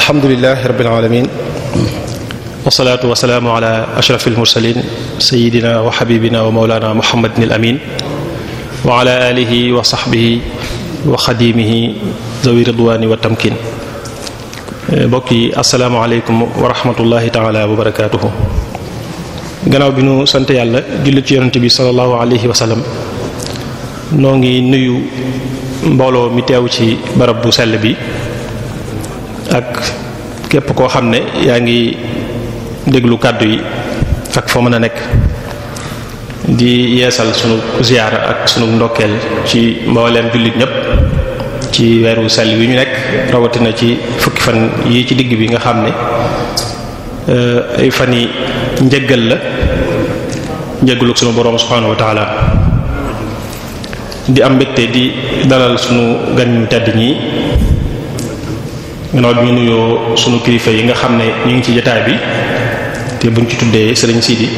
alhamdulilahi rabilalamin wasalaatu wasalaamu ala ashraf almursalin sayidina wa xabibina wa maulana muhammadin alamin wa ala alihi wa saxbihi wa xadimihi zawi ridwani wa tamkin mbokk yi asalaamaaleykum wa rahmatullahi taala wa barakatuhu gannaaw bi nu sant yàlla jullit ci yonente bi salallahu alayhi wa sallam noo ngi nuyu mbooloo mi teew ci barab bu sell bi ak képp koo xam ne yaa ngi déglu kàddu yi ak foo mën a nekk di yeesal sunu ziyaara ak sunu ndokkeel ci mbooleem jullit ñépp ci weeru sell wi ñu nekk rawatina ci fukki fan yii ci digg bi nga xam ne eh, ay fan yi njëggal la njëggaluk sunu borom subhaanahu wa di am mbégte di dalal sunu gan ñu tedd ñi ginnaaw bi ñu nuyoo sunu kilifa yi nga xam ne ñu ngi ci jotaay bi te buñ ci tuddee sëriñ Sidi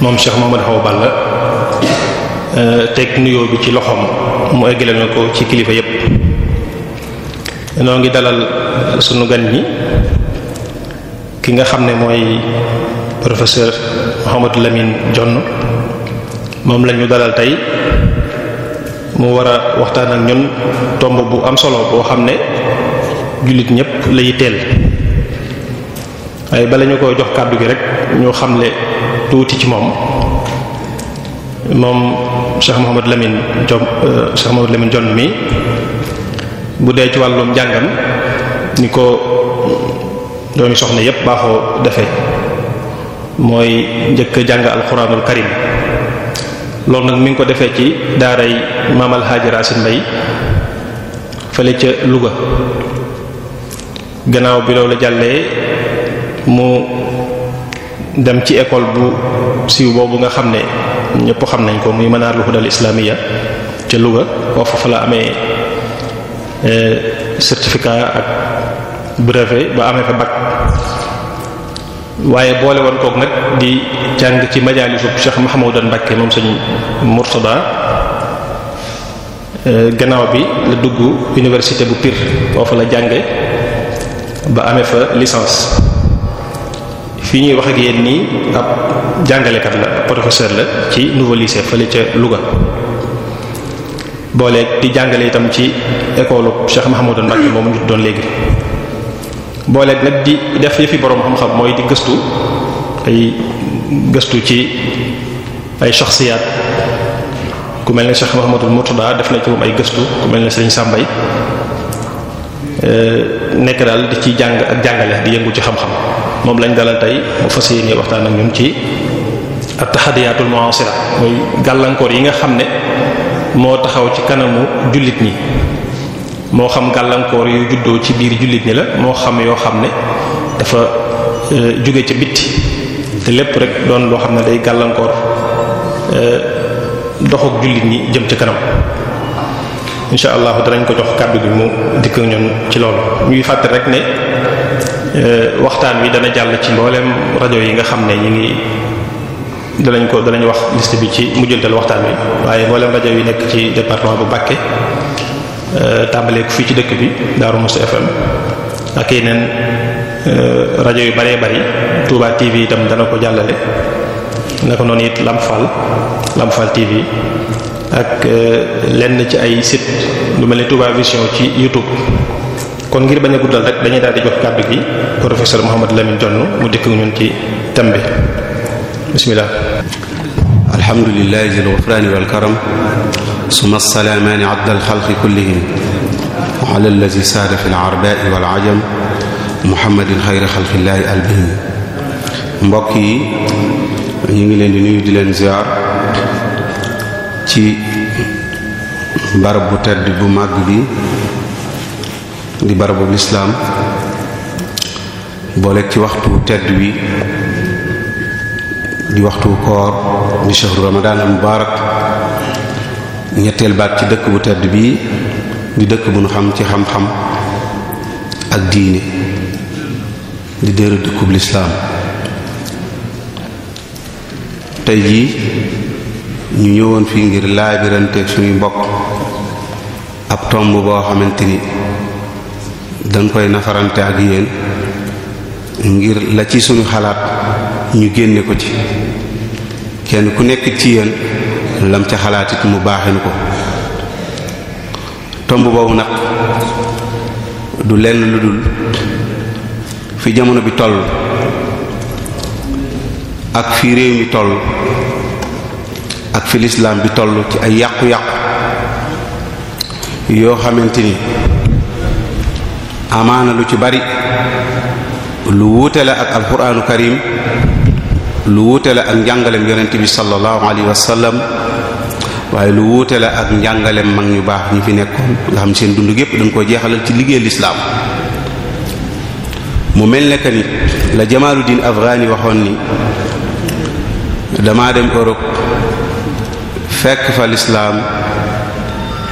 moom Cheikh Mouhamadou Awa Balla eh, teg nuyoo bi ci loxoom mu eggale na ko ci kilifa yépp noo ngi dalal sunu gan yi ki nga xam ne mooy professeur Mouhamadou Lamine jonn moom lañu dalal tey mu wara waxtaan ak ñun tomb bu am solo boo xam ne jullit ñépp lay teel waaye bala ñu ko jox kàddu gi rek ñu ne tuuti ci moom moom Cheikh Mouhamad Lamine Diop euh, Cheikh Mouhamad Lamine Diop mi bu dee ci wàllum jàngam ni ko doomi soxna yépp baaxoo defee mooy njëkk jàng alxuraanul karim loolu nag mi ngi ko defee ci daaray Maam Alxaaji Raasin Mbay fële ca Louga gannaaw bi loolu jàllee mu dem ci école bu siiw boobu nga xam ne ñëpp xam nañ ko muy manaar manaarul hudal islamiyya ca Louga foofu fa la amee eh, certificat ak brevet ba amee fa bac waaye boole woon kook nag di jàng ci majaalisu Cheikh Mahmoudan Mbacké moom sëñ Murtada eh, gannaaw bi la dugg université bu piir foofu la jànge ba amee fa licence fii ñuy wax ak yéen nii ab jàngalekat la professeur la ci nouveau lycée fële ca Louga booleeg di jàngale itam ci école Cheikh Mouhamadou Mbacké moom ñu doon léegi booleeg nag di def yëfi borom xam-xam mooy di gëstu ay gëstu ci ay shaxsiyaat ku mel ne Cheikh Mouhamadou Murtada def na ci moom ay gëstu ku mel ne Serigne Sambay eh, nekk daal di ci jàng ak jàngale di yëngu ci xam-xam. moom lañ dalal tey mu fas yéene waxtaan ak ñun ci at-taxadiyatul mu'asira gàllankoor yi nga xam ne moo taxaw ci kanamu jullit ñi moo xam gàllankoor yu juddoo ci biir jullit ñi la moo xam yoo xam ne dafa euh, jóge ca bitti te lépp rek doon loo xam ne day gàllankoor euh, doxuk jullit ñi jëm ci kanam insha allah danañ ko jox kàddu gi mu dikk ñun ci loolu ñuy fàttali rek ne Euh, waxtaan wi dana jàll ci mbooleem rajo yi nga xam ne ñi ngi danañ ko danañ wax liste bi ci mujjantal waxtaan wi waaye mbooleem rajo yi nekk ci département bu Bakke euh, tàmbaleeku fii ci dëkk bi daaru Moukhty FM ak yeneen euh, rajo yu bëree bëri Touba TV itam dana ko jàllale naka noonu it Lamp Fall Lamp Fall TV ak lenn ci ay sit lu mel ni Touba Vision ci YouTube kon ngir bañ guddal rek dañuy daal di jox kàddu gi professeur Mouhamadou Lamine Dione mu dikk ñun ci thème bi bismillah alhamdulillahi zil ghufrani wal karam summa salaamaani abdal xalqi kullihim ala allazi saada fil arbaa'i wal ajam muhammadin xayri xalqillaahi albihim mbokk yi ñu ngi leen di nuyu di leen ziar ci barab bu tedd bu màgg bi di barabu lislaam booleeg ci waxtu tedd wi di waxtu koor di shahru ramadan al mubarak ñetteel baat ci dëkk bu tedd bii di dëkk bu nu xam ci xam-xam ak diine di dëru dëkkub lislaam tey jii ñu ñëwoon fii ngir laabiranteeg suñuy mbokk ab tomb boo xamante ni dañ koy nafarante ak yéen ngir la ci suñu xalaat ñu génne ko ci kenn ku nekk ci yéen lam ca xalaatit mu baaxin ko tomb boobu nag du lenn ludul fi jamono bi toll ak fi réew mi toll ak fi lislaam bi toll ci ay yàqu-yàqu yoo xamante ni amaana lu ci bari lu wuute la ak alquraanu karim lu wuute la ak njàngalem yonent bi sallallahu alayhi wa waaye lu wuute la ak njàngalem mag ñu baax ñu fi nekkoon nga xam seen dund yépp dañ koo jeexalal ci liggéey lislaam mu mel ne que ni la Jamaluddin Afghani waxoon ni damaa dem Europe fekk fa lislaam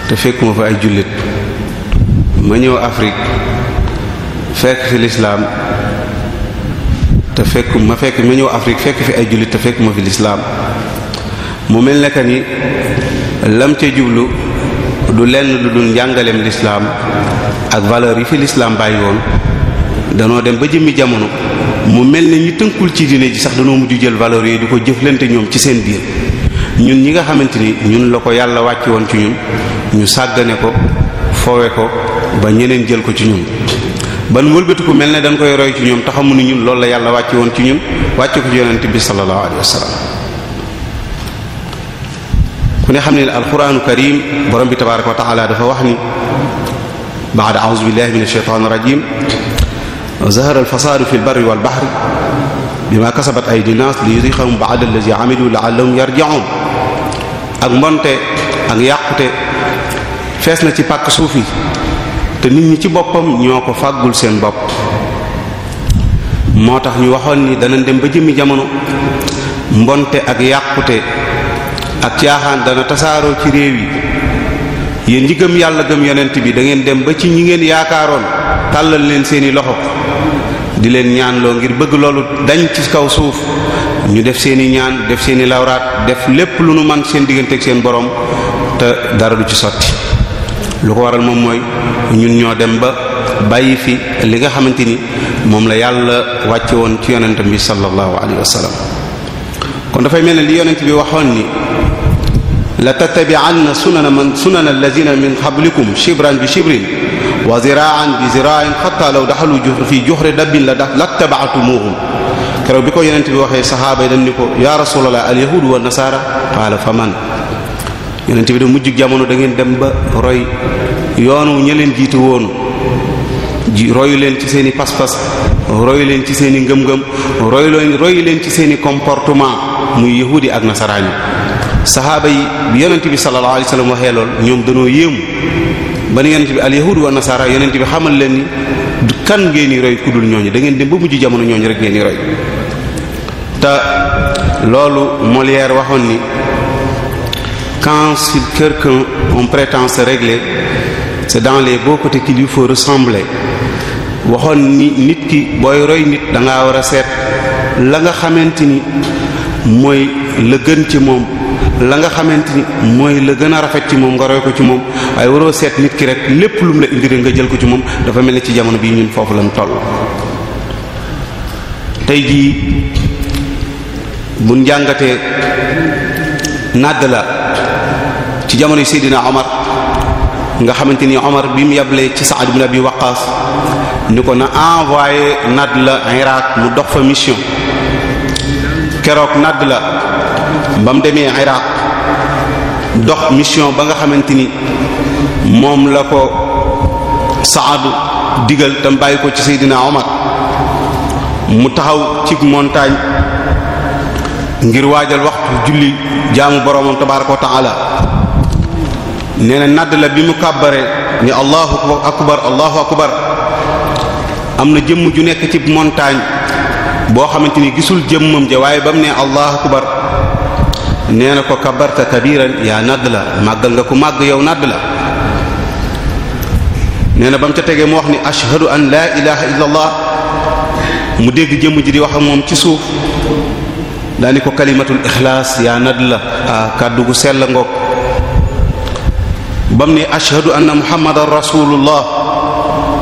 te fekkuma fa ay jullit ma ñëw Afrique fekk fi lislaam te fekk ma fekk ma ñëw Afrique fekk fi ay jullit fekk ma fi lislaam mu mel ne ni lam ca jublu du lenn lu dul jàngaleem lislaam ak valeur yi fi lislaam bàyyi woon danoo dem ba jëmmi jamono mu mel ne ñu tënkul ci diine ji sax danoo mujj jël valeur yi di ko jëflante ñoom ci seen biir ñun ñi nga xamante ni ñun la ko yàlla wàcc woon ci ñun ñu sàggane ko foowe ko ba ñeneen jël ko ci ñun ban wëlbatiku mel ne dañ koy roy ci ñoom te xamuñu ñun loolu la yàlla wàcc woon ci ñun wàcc ko ci yonent bi sallallahu alayhi wa sallam ku ne xam ne ne alquranu karim borom bi tabaraka wa taala dafa wax ni ba'da a'udhu billahi minash shaitanir rajim zahara al-fasadu fil barri wal bahri bima kasabat aydin nas liyudhiqahum ba'da allazi amilu la'allahum yarji'un ak mbonte ak yàqute fees na ci pàkk suuf yi te nit ñi ci boppam ñoo ko fàggul seen bopp moo tax ñu waxoon ni danañ dem ba jëmmi jamono mbonte ak yàqute ak caaxaan dana tasaaroo ci réew yi yéen ñi gëm yàlla gëm yonent bi dangeen dem ba ci ñi ngeen yaakaaroon tàllal leen seeni loxo di leen ñaanloo ngir bëgg loolu dañ ci kaw suuf ñu def seeni ñaan def seeni lawraat def lépp lu ñu man seen diggante ak seen borom te dara du ci sotti lu ko waral moom mooy ñun ñoo dem ba bàyyi fi li nga xamante ni moom la yàlla wàcce woon ci yonent bi sallallahu alayhi wa kon dafay mel ne li yonent bi waxoon ni la tattabi'anna sunana man sunana allazina min qablikum shibran bi shibrin wa zira'an bi zira'in hatta law daxalu fi juhri dabbin la lattaba'tumuhum keroog bi ko yonent bi waxee saxaaba yi dañ ni ko ya rasulullah al yahudu wa nasara qala faman yonent bi da mujj jamono da ngeen dem ba roy yoonu ñu leen jiitu woon ji royu leen ci seen i pas-pas royu leen ci seen i ngëm-ngëm royu leen leen ci seen i comportement muy yahudi ak nasaraan yi saxaaba yi yonent bi sallallahu alayhi wasallam waxee lool ñoom dañoo yéemu ba ni yonent bi al yahud wa nasara yonent bi xamal leen ni kan ngeen di roy ku dul ñooñu da ngeen dem ba mujj jamono ñooñu rek ngeen di roy te loolu Molière waxoon ni. quand sur quelqu'un on prétend se régler c'est dans les beaux côtés qu'il lui faut ressembler waxoon ni nit ki booy roy nit da ngaa war a seet la nga xamante ni mooy la gën ci moom la nga xamante ni mooy la gën a rafet ci moom nga roy ko ci moom ay waroo seet nit ki rek lépp lu mu la indi rek nga jël ko ci moom dafa mel ni ci jamono bii ñun foofu lañ toll. tey jii bu njàngatee nadd la. ci jamono Seydina Omar nga xamante ni Omar bi mu yablee ci Saad ibn Abi Waqqas ni ko na envoyé nadd la Irak mu dox fa mission keroog nadd la ba mu demee Irak dox mission ba nga xamante ni moom la ko Saad digal tam bàyyi ko ci Seydina Omar mu taxaw ci montagne ngir waajal waxtu julli jaamu boromam tabaaraka wa ta'ala nee na nadd la bi mu kàbbare ni allahu akbar allahu akbar am na jëmm ju nekk ci montagne boo xamante ni gisul jëmmam ja waaye ba mu ne allahu akbar nee ko kabarta kabiran yaa nadd la màggal nga ko màgg yow nadd la nee na ba mu ca tegee mu wax ni ashhadu an laa ilaha illa allah mu dégg jëmm ji di wax ak moom ci suuf daani ko kalimatul ixlaas yaa nadd la ah, kàddu gu sell ngoog ba mu ne ashhadu anna muhammadan rasulullah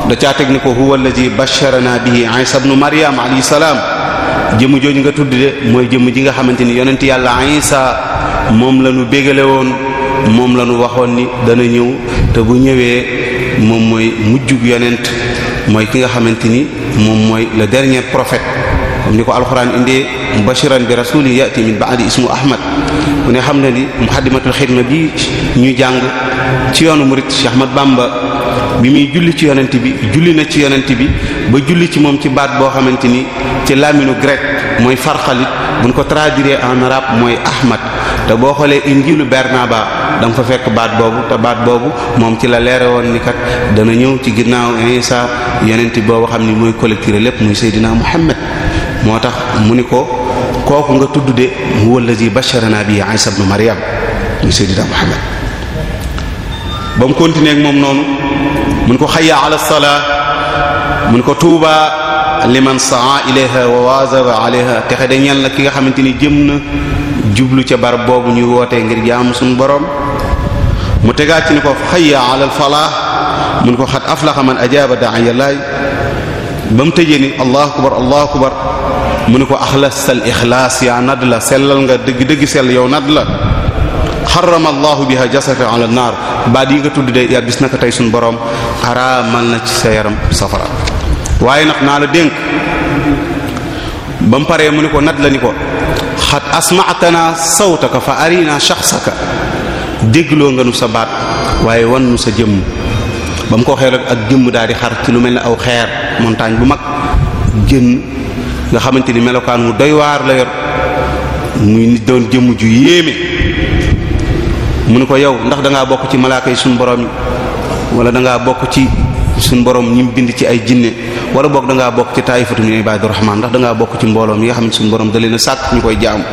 da caa teg ni ko huwa naa bi bihi isa ibn maryam alayhi salaam jëmu jooju nga tudd de mooy jëmm ji nga xamante ni yonent yàlla isa moom la ñu bégale woon moom la ñu waxoon ni dana ñëw te bu ñëwee moom mooy mujjug yonent mooy ki nga xamante ni moom mooy la dernier profet comme ni ko alxuraan indee mubashiran bi rasuli yati min baadi ismu ahmad ku ne xam ne ni muxaddimatul xidma bi ñuy jàng ci yoonu murit Cheikh Ahmad Bamba bi muy julli ci yonent bi julli na ci yonent bi ba julli ci moom ci baat boo xamante ni ci laminu grec mooy farxalit buñ ko traduire en rab mooy ahmad te boo xoolee injilu Barnaba da danga fa fekk baat boobu te baat boobu moom ci la leere woon ni kat dana ñëw ci ginnaaw Isa yonent boobu xam ni mooy collecteur lépp muy Seydina Muhammad moo tax mu ni ko kooku nga tudd de huwa allazi basharana bi Isa ibn Maryam muy sayyidina ba mu continuer moom noonu mun ko xayya ala salaa mun ko tuuba man saa ilayha wa wazara alayha texe de ñeel na ki nga xamante ni jëm na jublu ca barab boobu ñuy wootee ngir jaamu suñu boroom mu tegaat ci ni ko xayya ala al falaa mun ko xat aflaxa man ajaaba da'iya llahi ba mu tëjee ni allahu akbar allahu akbar mu ne ko axlasal ixlaas yaa nadd la sellal nga dëgg dëgg sell yow nadd la xarama allahu biha jasaka ala naar baat yi nga tudd day yaa bis naka tey suñu borom xaraamal na ci sa yaram safara waaye nag naa la dénk ba mu paree mu ne ko nadd la ni ko xat asmaatana sawtaka fa arina shaxsaka déggloo nga sa baat waaye wan sa jëmm ba mu ko waxee rek ak jëmm daal di xar ci lu mel ne aw xeer montagne bu mag génn nga xamante ni melokaan mu doy waar la yor muy nit doon jëmm ju yéeme mu ni ko yow ndax da bokk ci malaaka yi suñu borom yi wala da ngaa bokk ci suñu borom ñi mu bind ci ay jinne wala boog da ngaa bokk ci taayifatu min ibaadu rahmaan bokk ci mbooloo mi nga xam ne borom da leen a sàkk ñu koy jaamu.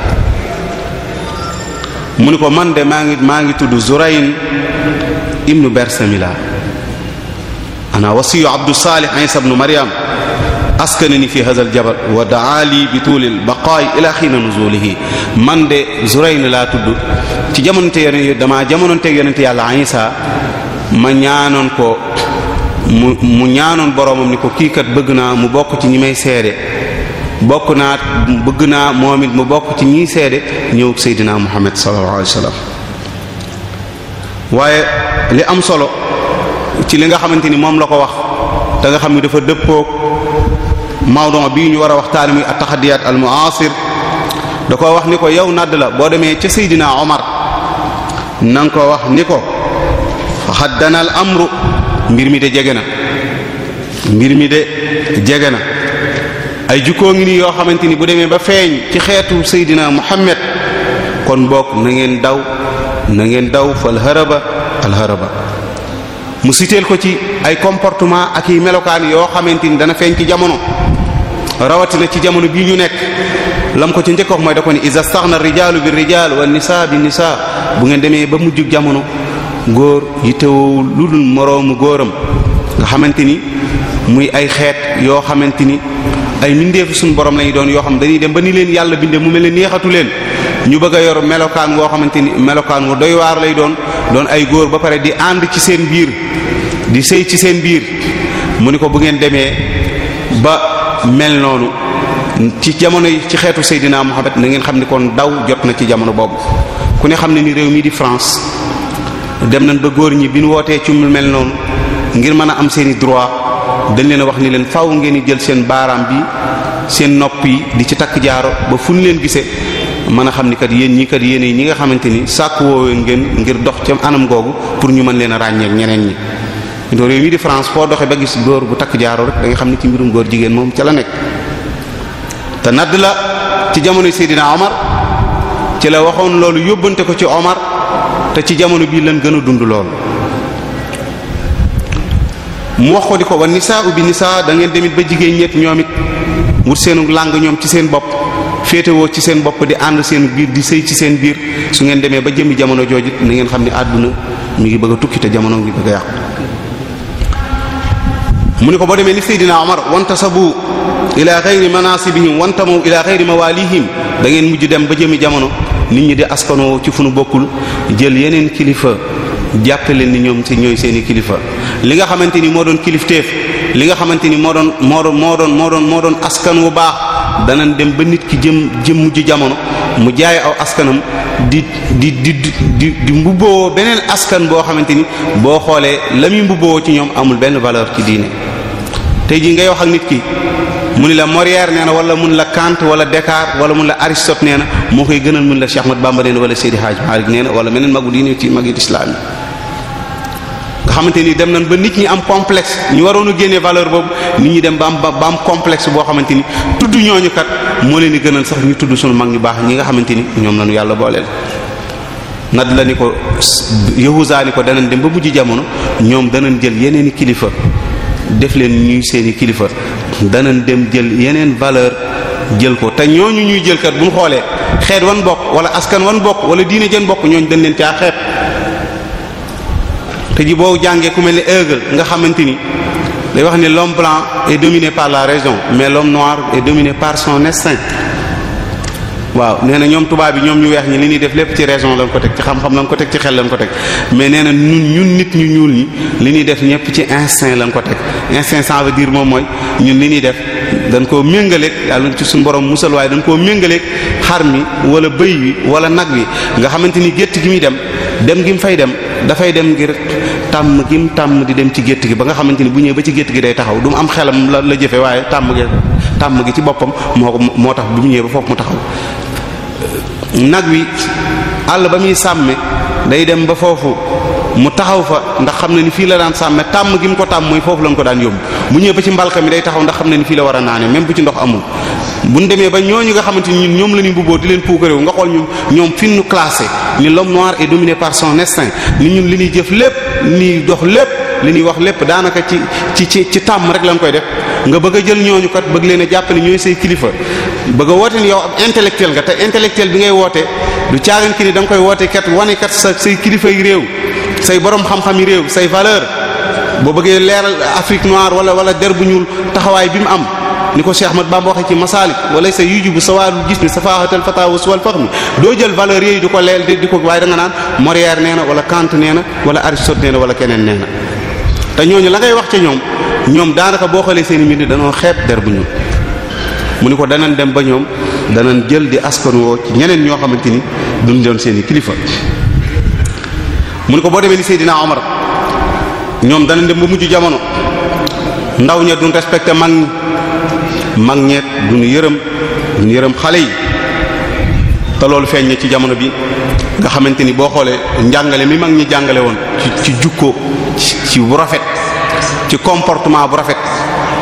mu ne ko man de maa ngi maa ngi tudd Zurayn ibnu Bersamila ana wasiyu Abdu Salih Isa ibnu Maryam askanani fi hadha al jabal wa daali bi tuulil baqaay ila xiina nuzulihi man de Zurayn laa tudd ci jamononte yonent damaa jamononteeg yonent yàlla Isa ma ñaanoon ko mu mu ñaanoon boromam ni ko kii kat bëgg naa mu bokk ci ñi may seede bokk naa bëgg naa moom it mu bokk ci ñiy seede ñëwub Seydina Muhammad sallallahu alayhi waaye li am solo ci li nga xamante ni moom la ko wax te nga xam ni dafa dëppook mawdon bii ñu war a waxtaane wi at-taxadiyaat al-mu'asir da ko wax ni ko yow nadd la boo demee ca Seydina Omar nanga ko wax ni ko xaddana al amru mbir mi de jege na mbir mi de jege na ay jukkoo ngi nii yoo xamante ni bu demee ba feeñ ci xeetu Seydina Muhammad kon bokk na ngeen daw na ngeen daw fal haraba al mu siteel ko ci ay comportement ak i melokaan yoo xamante ni dana feeñ ci jamono rawatina ci jamono bii ñu nekk lam ko ci njëkk wax mooy da ko ni iza staghna rijaalu bi rijaal wa nisaa bi nisaa bu ngeen demee ba mujjug jamono góor yittewoowul lu dul moroomu góoram nga xamante ni muy ay xeet yoo xamante ni ay mindeefu suñu borom lañu doon yoo xam dañuy dem ba ni leen yàlla bindee mu mel ne neexatu leen ñu bëgg yor melokaan woo xamante ni melokaan wu doy waar lay doon doon ay góor ba pare di ànd ci seen biir di sëy ci seen biir mu ni ko bu ngeen demee ba mel noonu ci jamono yi ci xeetu Seydina Muhammad na ngeen xam ni kon daw jot na ci jamono boobu ku ne xam ne ni réew mi di France dem nañ ba góor ñi bi ñu wootee ci mu mel noonu ngir mën a am seen i droit dañ leen a wax ni leen faw ngeen di jël seen baaraam bi seen nopp yi di ci takk jaaro ba fu ñu leen gisee mën a xam ni kat yéen ñii kat yéen ñi nga xamante ni sàkk woowee ngeen ngir dox ca anam googu pour ñu mën leen a ràññeek ñeneen ñi réew yi di France foo doxee ba gis góor bu takk jaaro rek da xam ne ci mbirum góor jigéen moom ca la nekk te nadd la ci jamono dina Omar ci la waxoon loolu yóbbante ko ci Omar te ci jamono bii leen gën a dund loolu mu wax ko di ko wa nisaa ubi nisaa da ngeen demit ba jigéen ñett ñoom it wut seenu làng ñoom ci seen bopp féetewoo ci seen bopp di ànd seen biir di sëy ci seen biir su ngeen demee ba jëmmi jamono jooju na ngeen xam ne àdduna mi ngi bëgg a tukki te jamono ngi bëgg a yàqu. mu ne ko boo demee ni Seydina Omar wantasabu ila ghayri manasibihim wantamu ila ghayri mawalihim da ngeen mujj dem ba jëmmi jamono nit ñi di askanoo ci fu nu bokkul jël yeneen kilifa jàppe leen ni ñoom ci ñooy seeni kilifa li nga xamante ni moo doon kilifteef li nga xamante ni moo doon moo moo doon moo moo doon askan wu baax danañ dem ba nit ki jëm jëm mujj jamono mu jaay aw askanam di di di di di mbubboo beneen askan boo xamante ni boo xoolee la muy mbubboo ci ñoom amul benn valeur ci diine tey jii ngay wax ak nit ki mu ni la Molière nee na wala mun la Kant wala Descartes wala mun la Aristote nee na moo koy gënal mun la Cheikh Ahmad Bamba nee na wala Seydi Hadj Malick nee na wala meneen magu diine ci magi islam yi xamante ni dem nañ ba nit ñi am complexe ñu waroon a génnee valeur boobu nit ñi dem ba am ba am complexe boo xamante ni tudd ñooñu kat moo leen di gënal sax ñu tudd suñu mag ñu baax ñi nga xamante ni ñoom lañu yàlla booleel. nad la ni ko yahusa ko danañ dem ba mujj jamono ñoom danañ jël yeneen i kilifa def leen ñuy seeni kilifa danañ dem jël yeneen valeur jël ko te ñooñu ñuy jël kat bu ñu xoolee xeet wan bokk wala askan wan bokk wala diine jën bokk ñooñu dañ leen te ji boo jàngee ku mel ne Hegel nga xamante ni day wax ne l'homme blanc est dominé par la raison mais l'homme noir est dominé par son instinct waaw nee na ñoom tubaab bi ñoom ñu weex ñi li ñuy def lépp ci raison lañ ko teg ci xam-xam ko teg ci xel ko teg mais nee na ñun ñun nit ñu ñuul ñi li ñuy def ñëpp ci instinct lañ ko teg instinct ça veut dire moom mooy ñun li ñuy def dañ koo méngaleeg yàlla ci suñu borom musal waaye dañ koo méngaleeg xar mi wala bëy wi wala nag wi nga xamante ni gétt gi muy dem dem gi mu fay dem dafay dem ngir tàmm gim tàmm di dem ci gétt gi ba nga xamante ni bu ñëwee ba ci gétt gi day taxaw du mu am xelam la la jëfe waaye tàmm gi tàmm gi ci boppam moo ko moo tax bu mu ñëwee ba foofu mu taxaw nag wi àll ba muy sàmme day dem ba foofu mu taxaw fa ndax xam ne ni fii la daan sàmme tàmm gi mu ko tàmm mooy foofu lañ ko daan yóbbu bu ñëw ba ci mbalka mi day taxaw ndax xam ne ni fii la war a naane même bu ci ndox amul bu ñu demee ba ñooñu nga xamante ni ñun ñoom lañuy ñu mbubboo di leen puukareewu nga xool ñun ñoom fi ñu classé ni l'homme noir est dominé par son instinct ni ñun li ñuy jëf lépp ni dox lépp li ñuy wax lépp daanaka ci ci ci ci tàmm rek lañ koy def nga bëgg a jël ñooñu kat bëgg leen a jàpp ne ñooy say kilifa bëgg a woote ni yow ab intellectuel nga te intellectuel bi ngay woote du caagan ki ni da koy woote kat wane kat sa say kilifa yi réew say borom xam-xam yi réew say valeur boo bëggee leeral Afrique noire wala wala der bu ñuul taxawaay bi mu am ni ko Cheikh Ahmad Bamba waxee ci Masalik wala sa yujubu sawaadul jismi safaahatal fatawus wal fahmi doo jël valeur yooyu di ko leel di ko waaye da naan Molière nee na wala Kant nee na wala Aristote nee na wala keneen nee te ñooñu la ngay wax ca ñoom ñoom daanaka boo xoolee seen i mbind dañoo xeeb der bu ñu mu ni ko danañ dem ba ñoom danañ jël di askan woo ci ñeneen ñoo xamante ni duñ doon seeni kilifa mu ni ko boo demee ni Seydina Omar ñoom mujj jamono mag ñeet du ñu yërëm du yërëm xale yi te loolu feeñ ci jamono bi nga xamante ni boo xoolee njàngale mi mag ñi jàngale woon ci jukko ci bu rafet ci comportement bu rafet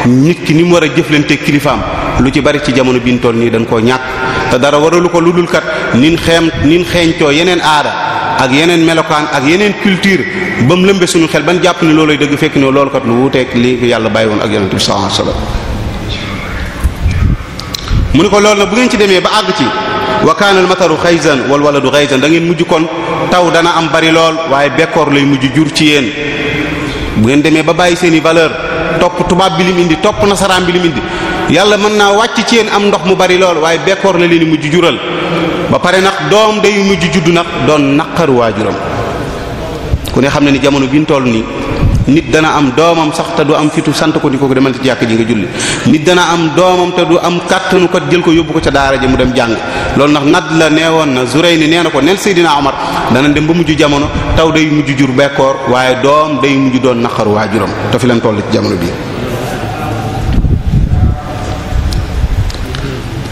nit ki ni mu war a jëflante kilifaam lu ci bari ci jamono biñ toll nii dañ koo ñàkk te dara waralu ko lu dul kat nin xeem nin xeeñcoo yeneen aada ak yeneen melokaan ak yeneen culture ba mu lëmbe suñu xel ban jàpp ni loolay dëgg fekk ne loolu kat lu wuuteeg lii yàlla bàyyi woon ak yonent bi sallallahu mu ne ko loolu na bu ngeen ci demee ba àgg ci wa kaana al mataru xaysan wal waladu xaysan dangeen mujj kon taw dana am bari lool waaye bekkoor lay mujj jur ci yéen bu ngeen demee ba bàyyi seen i valeur topp tubaab bi lim indi topp nasaraan bi lim indi yàlla mën naa wàcc ci yéen am ndox mu bari lool waaye bekkoor la leen mujj jural ba pare nag doom day mujj juddu nag doon naqaru waajuram ku ne xam ne ni jamono biñ toll nii nit dana am doomam sax te du am fitu sant ko ni ko demal ci jàkk ji nga julli nit dana am doomam te du am kàttanu kat jël ko yóbbu ko ca daara ji mu dem jàng loolu ndax nadd la nee woon na Zurayni ni nee na ko neel Seydina Omar dana dem ba mujj jamono taw day mujj jur bekkoor waaye doom day mujj doon naqaru waajuram te fi leen toll ci jamono bi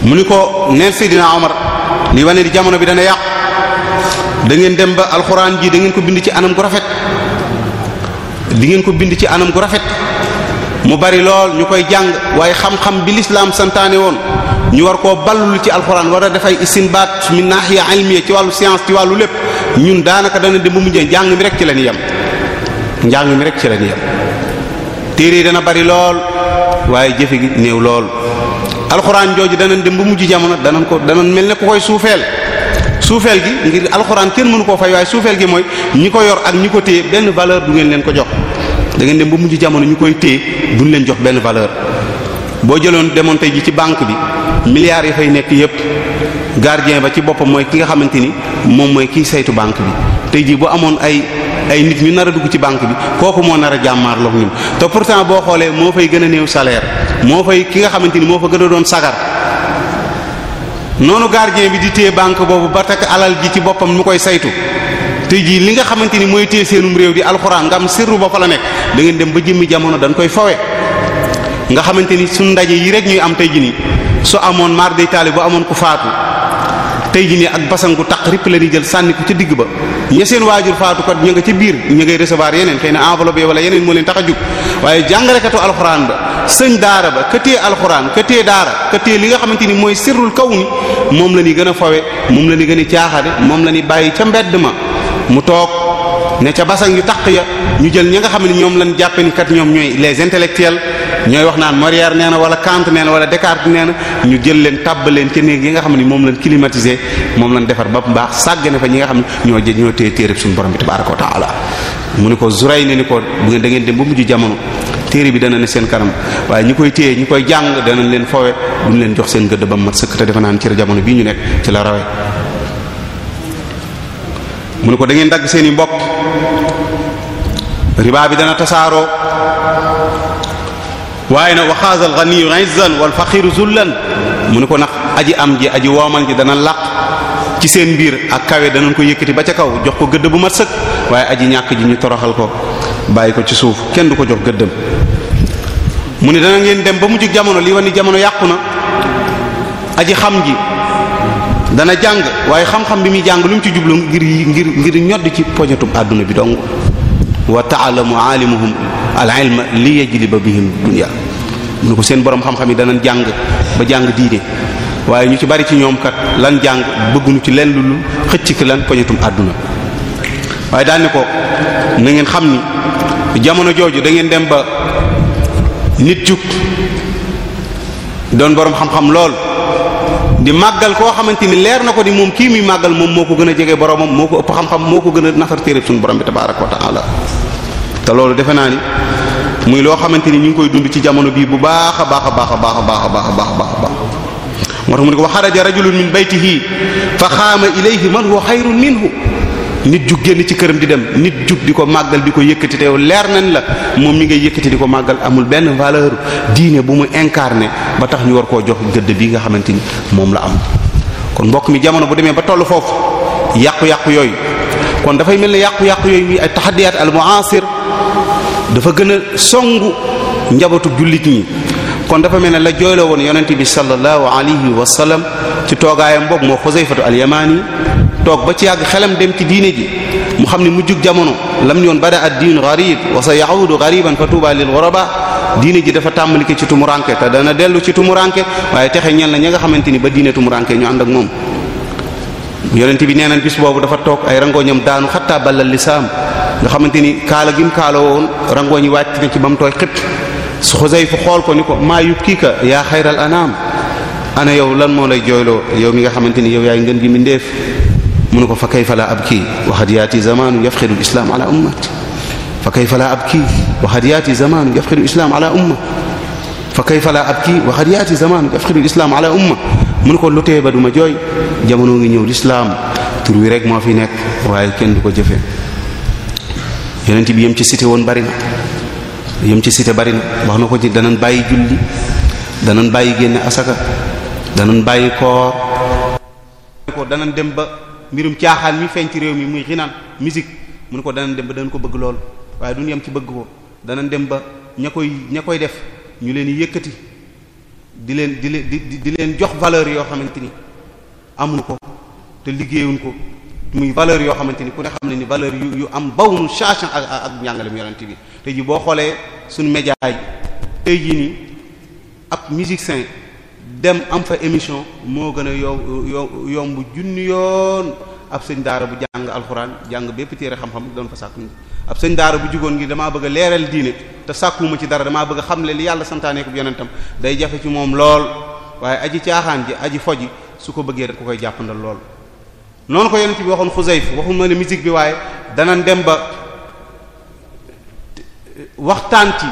mu ni ko neel Seydina Omar li wane di jamono bi dana yàqu dangeen dem ba alxuraan jii da ngeen ko bind ci anam gu rafet di ngeen ko bind ci anam gu rafet mu bari lool ñu koy jàng waaye xam-xam bi lislaam santaane woon ñu war koo ballul ci alxuraan war a dafay istinbaat min naaxiya ilmiya ci wàllu science ci wàllu lépp ñun daanaka dana dem ba mu njàng mi rek ci la ñu yem njàng mi rek ci la ñu téere yi dana bari lool waaye jëfe gi néew lool alxuraan jooju danañ dem ba mujj jamono danañ ko danañ mel ni ku koy suufeel suufeel gi ngir alxuraan kenn mënu koo fay waaye suufeel gi mooy ñi ko yor ak ñi ko téye benn valeur du ngeen leen ko jox da ngeen dem ba mujj jamono ñu koy téye duñ leen jox benn valeur boo jëloon demoon tey ji ci banque bi milliards yi fay nekk yépp gardien ba ci boppam mooy ki nga xamante ni moom mooy kii saytu banque bi tey jii boo amoon ay ay nit ñu nar a dugg ci banque bi kooku moo nar a jàmmaar jàmmaarloo ñun te pourtant boo xoolee moo fay gën a néew salaire moo fay ki nga xamante ni moo fa gën a doon sagar noonu gardien bi di téye banque boobu ba takk alal ji ci boppam mu koy saytu te jii li nga xamante ni mooy téye seenum réew di alxuraan nga am sirru ba fa la nekk da ngeen dem ba jëmmi jamono dañ koy fawe nga xamante ni suñ ndaje yi rek ñuy am tey ji ni su amoon mar day taali bu amoon ku faatu tey ji ni ak basan gu tax ripp la ñuy jël sànni ko ci digg ba ña seen waajur faatu kat ña nga ca biir ña ngay recevoir yeneen xëy na enveloppe wala yeneen moo leen tax a jug waaye jàngalekatu alxuraan sëñ daara ba ka tee alxuraan ka tee daara ka tee li nga xamante ni mooy sirrul kaw ni moom la ñuy gën a fawe moom la ñuy gën a caaxaane moom la ñuy bàyyi ca mbedd ma mu toog ne ca basan yu taq ya ñu jël ñi nga xam ne moom la jàppe ni kat ñoom ñooy les intellectuels ñooy wax naan Molière nee na wala Kant na wala Descartes nee na ñu jël leen tàbb leen ca néeg yi nga xam ne moom lañ climatisé moom lañ defar ba mu baax sàggane fa ñi nga xam ne ñoo jë ñoo téye téereb suñu borom bi tabaraka wa taala mu ne ko Zuray ne ni ko bu ngeen da ngeen dem ba mujj jamono téere bi dana ne seen kanam waaye ñi koy téye ñi koy jàng danañ leen fowe duñ leen jox seen gëdd ba mat sëkk te defe naan ci jamono bii ñu nekk ci la rawe mu ne ko dangeen dagg seen i mbokk riba bi dana tasaaroo waaye nag waxaasal ghaniyu izzan wal faqiru zullan mu ne ko nag aji am ji aji woomal ji dana laq ci seen biir ak kawe danañ ko yëkkati ba ca kaw jox ko gëdd bu mat sëkk waaye aji ñàkk ji ñu toroxal ko bàyyi ko ci suuf kenn du ko jox gëddam mu ne dana ngeen dem ba mujj jamono li wane jamono yàqu na aji xam ji dana jàng waaye xam-xam bi muy jàng lu mu ci jublu ngir ngir ngir ñodd ci poñetub àdduna bi dong wa taalamu aalimuhum al ilma li yajliba bihim dunya mu ne ko seen boroom xam-xam yi dana jàng ba jàng diine waaye ñu ci bari ci ñoomkat lan jàng bëgguñu ci lenn lu xëcc ki lan poñetum àdduna waaye daal ko na xam ni jamono jooju dangeen dem ba nit jug doon boroom xam-xam lool di màggal koo xamante ni leer na ko di moom kii muy màggal moom moo ko gën a jege boromam moo ko ëpp xam-xam moo ko gën a nafar téere suñu borom bi tabaaraka wa taala te loolu defe naa ni muy loo xamante ni ñu ngi koy dund ci jamono bii bu baax a a baax a baax a baax a baax a baax a baax mu ne ko xaraja rajulun min baytihi fa xaama ilayhi man huwa xayrun nit ju génn ci këram di dem nit jub di ko màggal di ko yëkkati te yow leer nañ la moom mi ngay yëkkati di ko màggal amul benn valeur diine bu mu incarné ba tax ñu war koo jox gëdd bi nga xamante ni moom la am. kon mbokk mi jamono bu demee ba tollu foofu yàqu-yàqu yooyu kon dafay mel ne yàqu-yàqu yooyu ay taxadiyaat al mu'asir dafa gën a songu njabootu jullit ñi. kon dafa mel ne la jooyloo woon yonent bi sallallahu alayhi wa sallam ci toogaayam boobu moo Xuzayfatu al toog ba ci yàgg xelam dem ci diine ji mu xam ne mujjug jamono lam yoon bada ad diinu gharib wa sa ya'udu ghariban fa tuba lil ghuraba diine ji dafa tàmbali ci tumuranke te dana dellu ci tumuranke waaye texe ñel na ña nga xamante ni ba diine tumuranke ñu ànd ak moom yonent bi nee na bis boobu dafa toog ay rangoñam daanu xattaa ballal lisaam nga xamante ni kaala gi mu kaaloo woon rangoñ yi wàcc na ci ba mu tooy xëpp su xosey fu xool ko ni ko maa yubkii ka yaa xayral anaam ana yow lan moo lay jooyloo yow mi nga xamante ni yow yaay ngën gi mi ndéef mu ne ko fa kayfa laa ab kii waxat yaati zamanu yafqidu lislaam ala ummati fa kayfa laa ab kii waxat yaati zamanu yafqidu lislaam ala umma fa kayfa ab kii waxat yaati zamanu yafqidu lislaam ala umma mu ne ko lu ba duma jooy jamono ngi ñëw lislaam tur wi rek moo fi nekk waaye kenn du ko jëfe yonent bi yem ci cité woon bari na yem ci cité bari na wax na ko ci danañ bàyyi julli danañ bàyyi génne asaka danañ bàyyi koor ko dem ba mbirum caaxaan ñu feeñ ci réew mi muy xinaan musique mu ne ko danañ dem ba danañ ko bëgg lool waaye duñ yem ci bëgg ko danañ dem ba ña koy ña koy def ñu leen yëkkati di leen di leen di di leen jox valeur yoo xamante ni amuñu ko te liggéeyuñ ko muy valeur yoo xamante ni ku ne xam ne ni valeur yu yu am bawunu change ak ak njàngalem yonent bi te ji boo xoolee suñu média yi tey jii nii ab musicien dem am fa émission moo gën a yomb yomb junni yoon ab sëñ daara bu jàng alxuraan jàng bépp téere xam-xam doon fa sàkku ab sëñ daara bu jugoon ngi damaa bëgg leeral diine te sàkkuwuma ci dara damaa bëgg a xamle li yàlla santaane ko yonentam day jafe ci moom lool waaye aji caaxaan ji aji foji su ko bëggee da ko koy jàppandal lool. noonu ko yonent bi waxoon Xuzayf waxuma ne musique bi waaye danañ dem ba waxtaan ci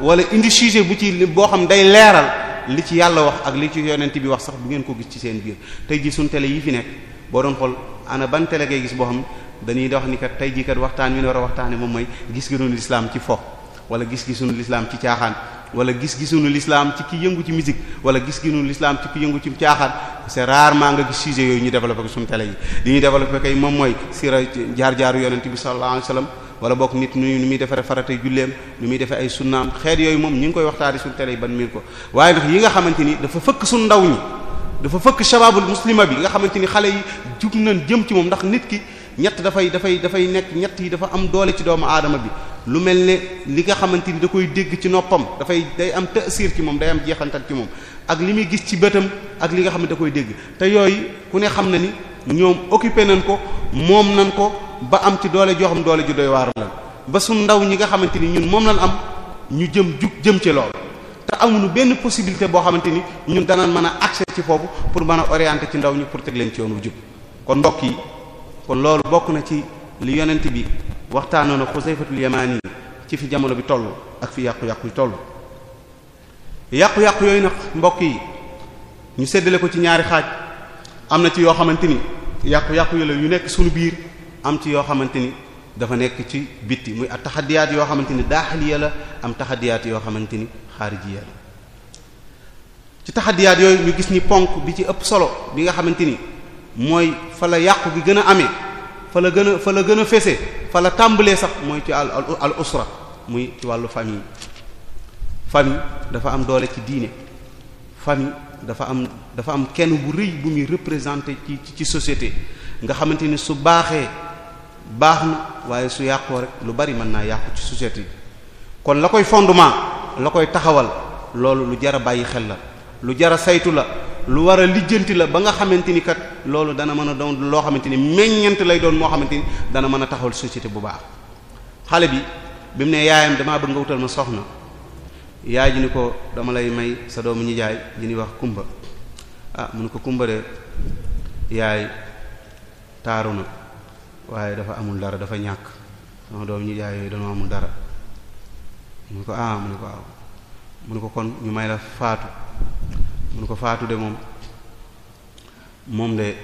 wala indi sujet bu ci boo xam day leeral. li ci yàlla wax ak li ci yonent bi wax sax bu ngeen ko gis ci seen biir tey ji suñ télé yi fi nekk boo doon xool ana ban télé ngay gis boo xam dañuy wax ni kat tey jii kat waxtaan wi ñu war a waxtaanee moom mooy gis-gisuñu lislaam ci fo wala gis-gisuñu lislaam ci caaxaan wala gis-gisuñu lislaam ci ki yëngu ci musique wala gis-gisuñu lislaam ci ki yëngu ci caaxaan c'est rarement nga gis sujet yooyu ñu développé ko suñu télé yi li ñuy développé moom mooy sira jaar-jaaru yonent bi sallallahu alayhi wasallam wala bokk nit ñu nu muy defare faratay julleem nu muy defe ay sunnaam xeet yooyu moom ñu ngi koy waxtaari suñu télé yi ban miir ko waaye ndax yi nga xamante ni dafa fëkk suñ ndaw ñi dafa fëkk shababul muslima bi nga xamante ni xale yi jub nañ jëm ci moom ndax nit ki ñett dafay dafay dafay nekk ñett yi dafa am doole ci doomu aadama bi lu mel ne li nga xamante ni da koy dégg ci noppam dafay day am taasiir ci moom day am jeexantal ci moom ak li muy gis ci bëtam ak li nga xam ne da koy dégg te yooyu ku ne xam na ni ñoom occupé nañ ko moom nañ ko ba am ci doole joo xam doole ju doy waar lan ba suñ ndaw ñi nga xamante ni ñun moom lañ am ñu jëm jug jëm ci lool te amuñu benn possibilité boo xamante ni ñun danañ mën a accès ci foofu pour mën a orienter ci ndaw ñi pour teg leen ci yoon wu jub kon mbokk yi kon loolu bokk na ci li yonent bi waxtaanoon na Xusayfatul Yamaani ci fi jamono bi toll ak fi yàqu-yàqu yi toll yàqu-yàqu yooyu nag mbokk yi ñu séddale ko ci ñaari xaaj am na ci yoo xamante ni yàqu-yàqu yi la nekk suñu biir am ci yoo xamante ni dafa nekk ci bitti muy ak taxadiyaat yoo xamante ni daaxaliya la am taxadiyaat yoo xamante ni xaarijiya la ci taxadiyaat yooyu ñu gis ni ponk bi ci ëpp solo bi nga xamante ni mooy fa la yàqu bi gën a amee fa la gën a fa gën a fese fa la tàmbalee sax mooy ci al al usra muy ci wàllu famille famille dafa am doole ci diine famille dafa am dafa am kenn bu rëy bu muy représenté ci ci société nga xamante ni su baaxee baax na waaye su yàqoo rek lu bari mën naa yàqu ci société bi kon la koy fondement la koy taxawal loolu lu jar bàyyi xel la lu jar a saytu la lu war a lijjanti la ba nga xamante ni kat loolu dana mën a doon loo xamante ni meññant lay doon moo xamante ni dana mën a taxawal société bu baax xale bi bi mu ne yaayam damaa bëgg nga wutal ma soxna yaay ji ni ko dama lay may sa doomu nijaay ji ni wax kumba ah mu ne ko kumba de yaay taaru na waaye dafa amul dara dafa ñàkk sama doom ñu jaay yooyu dañoo amul dara mu ne ko ah mu ne ko ah mu ne ko kon ñu may la faatu mu ne ko faatu de moom moom de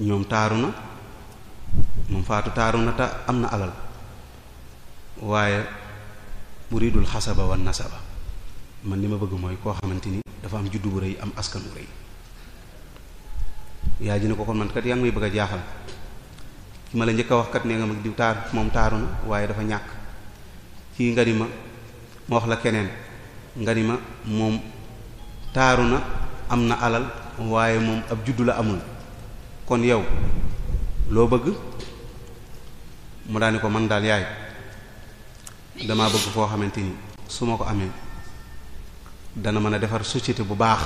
ñoom taaru na moom faatu taaru na te am na alal waaye muridul xasaba wan nasaba man li ma bëgg mooy koo xamante ni dafa am juddu bu rëy am askan bu rëy yaay ji ne ko kon man kat yaa ngi may bëgg a jaaxal ki ma la njëkk a wax kat nee nga mag diw taar moom taaru na waaye dafa ñàkk kii nga ni ma ma wax la keneen nga ni ma moom taaru na am na alal waaye moom ab juddu la amul kon yow loo bëgg mu daane ko man daal yaay damaa bëgg foo xamante ni su ma ko amee dana mën a defar société bu baax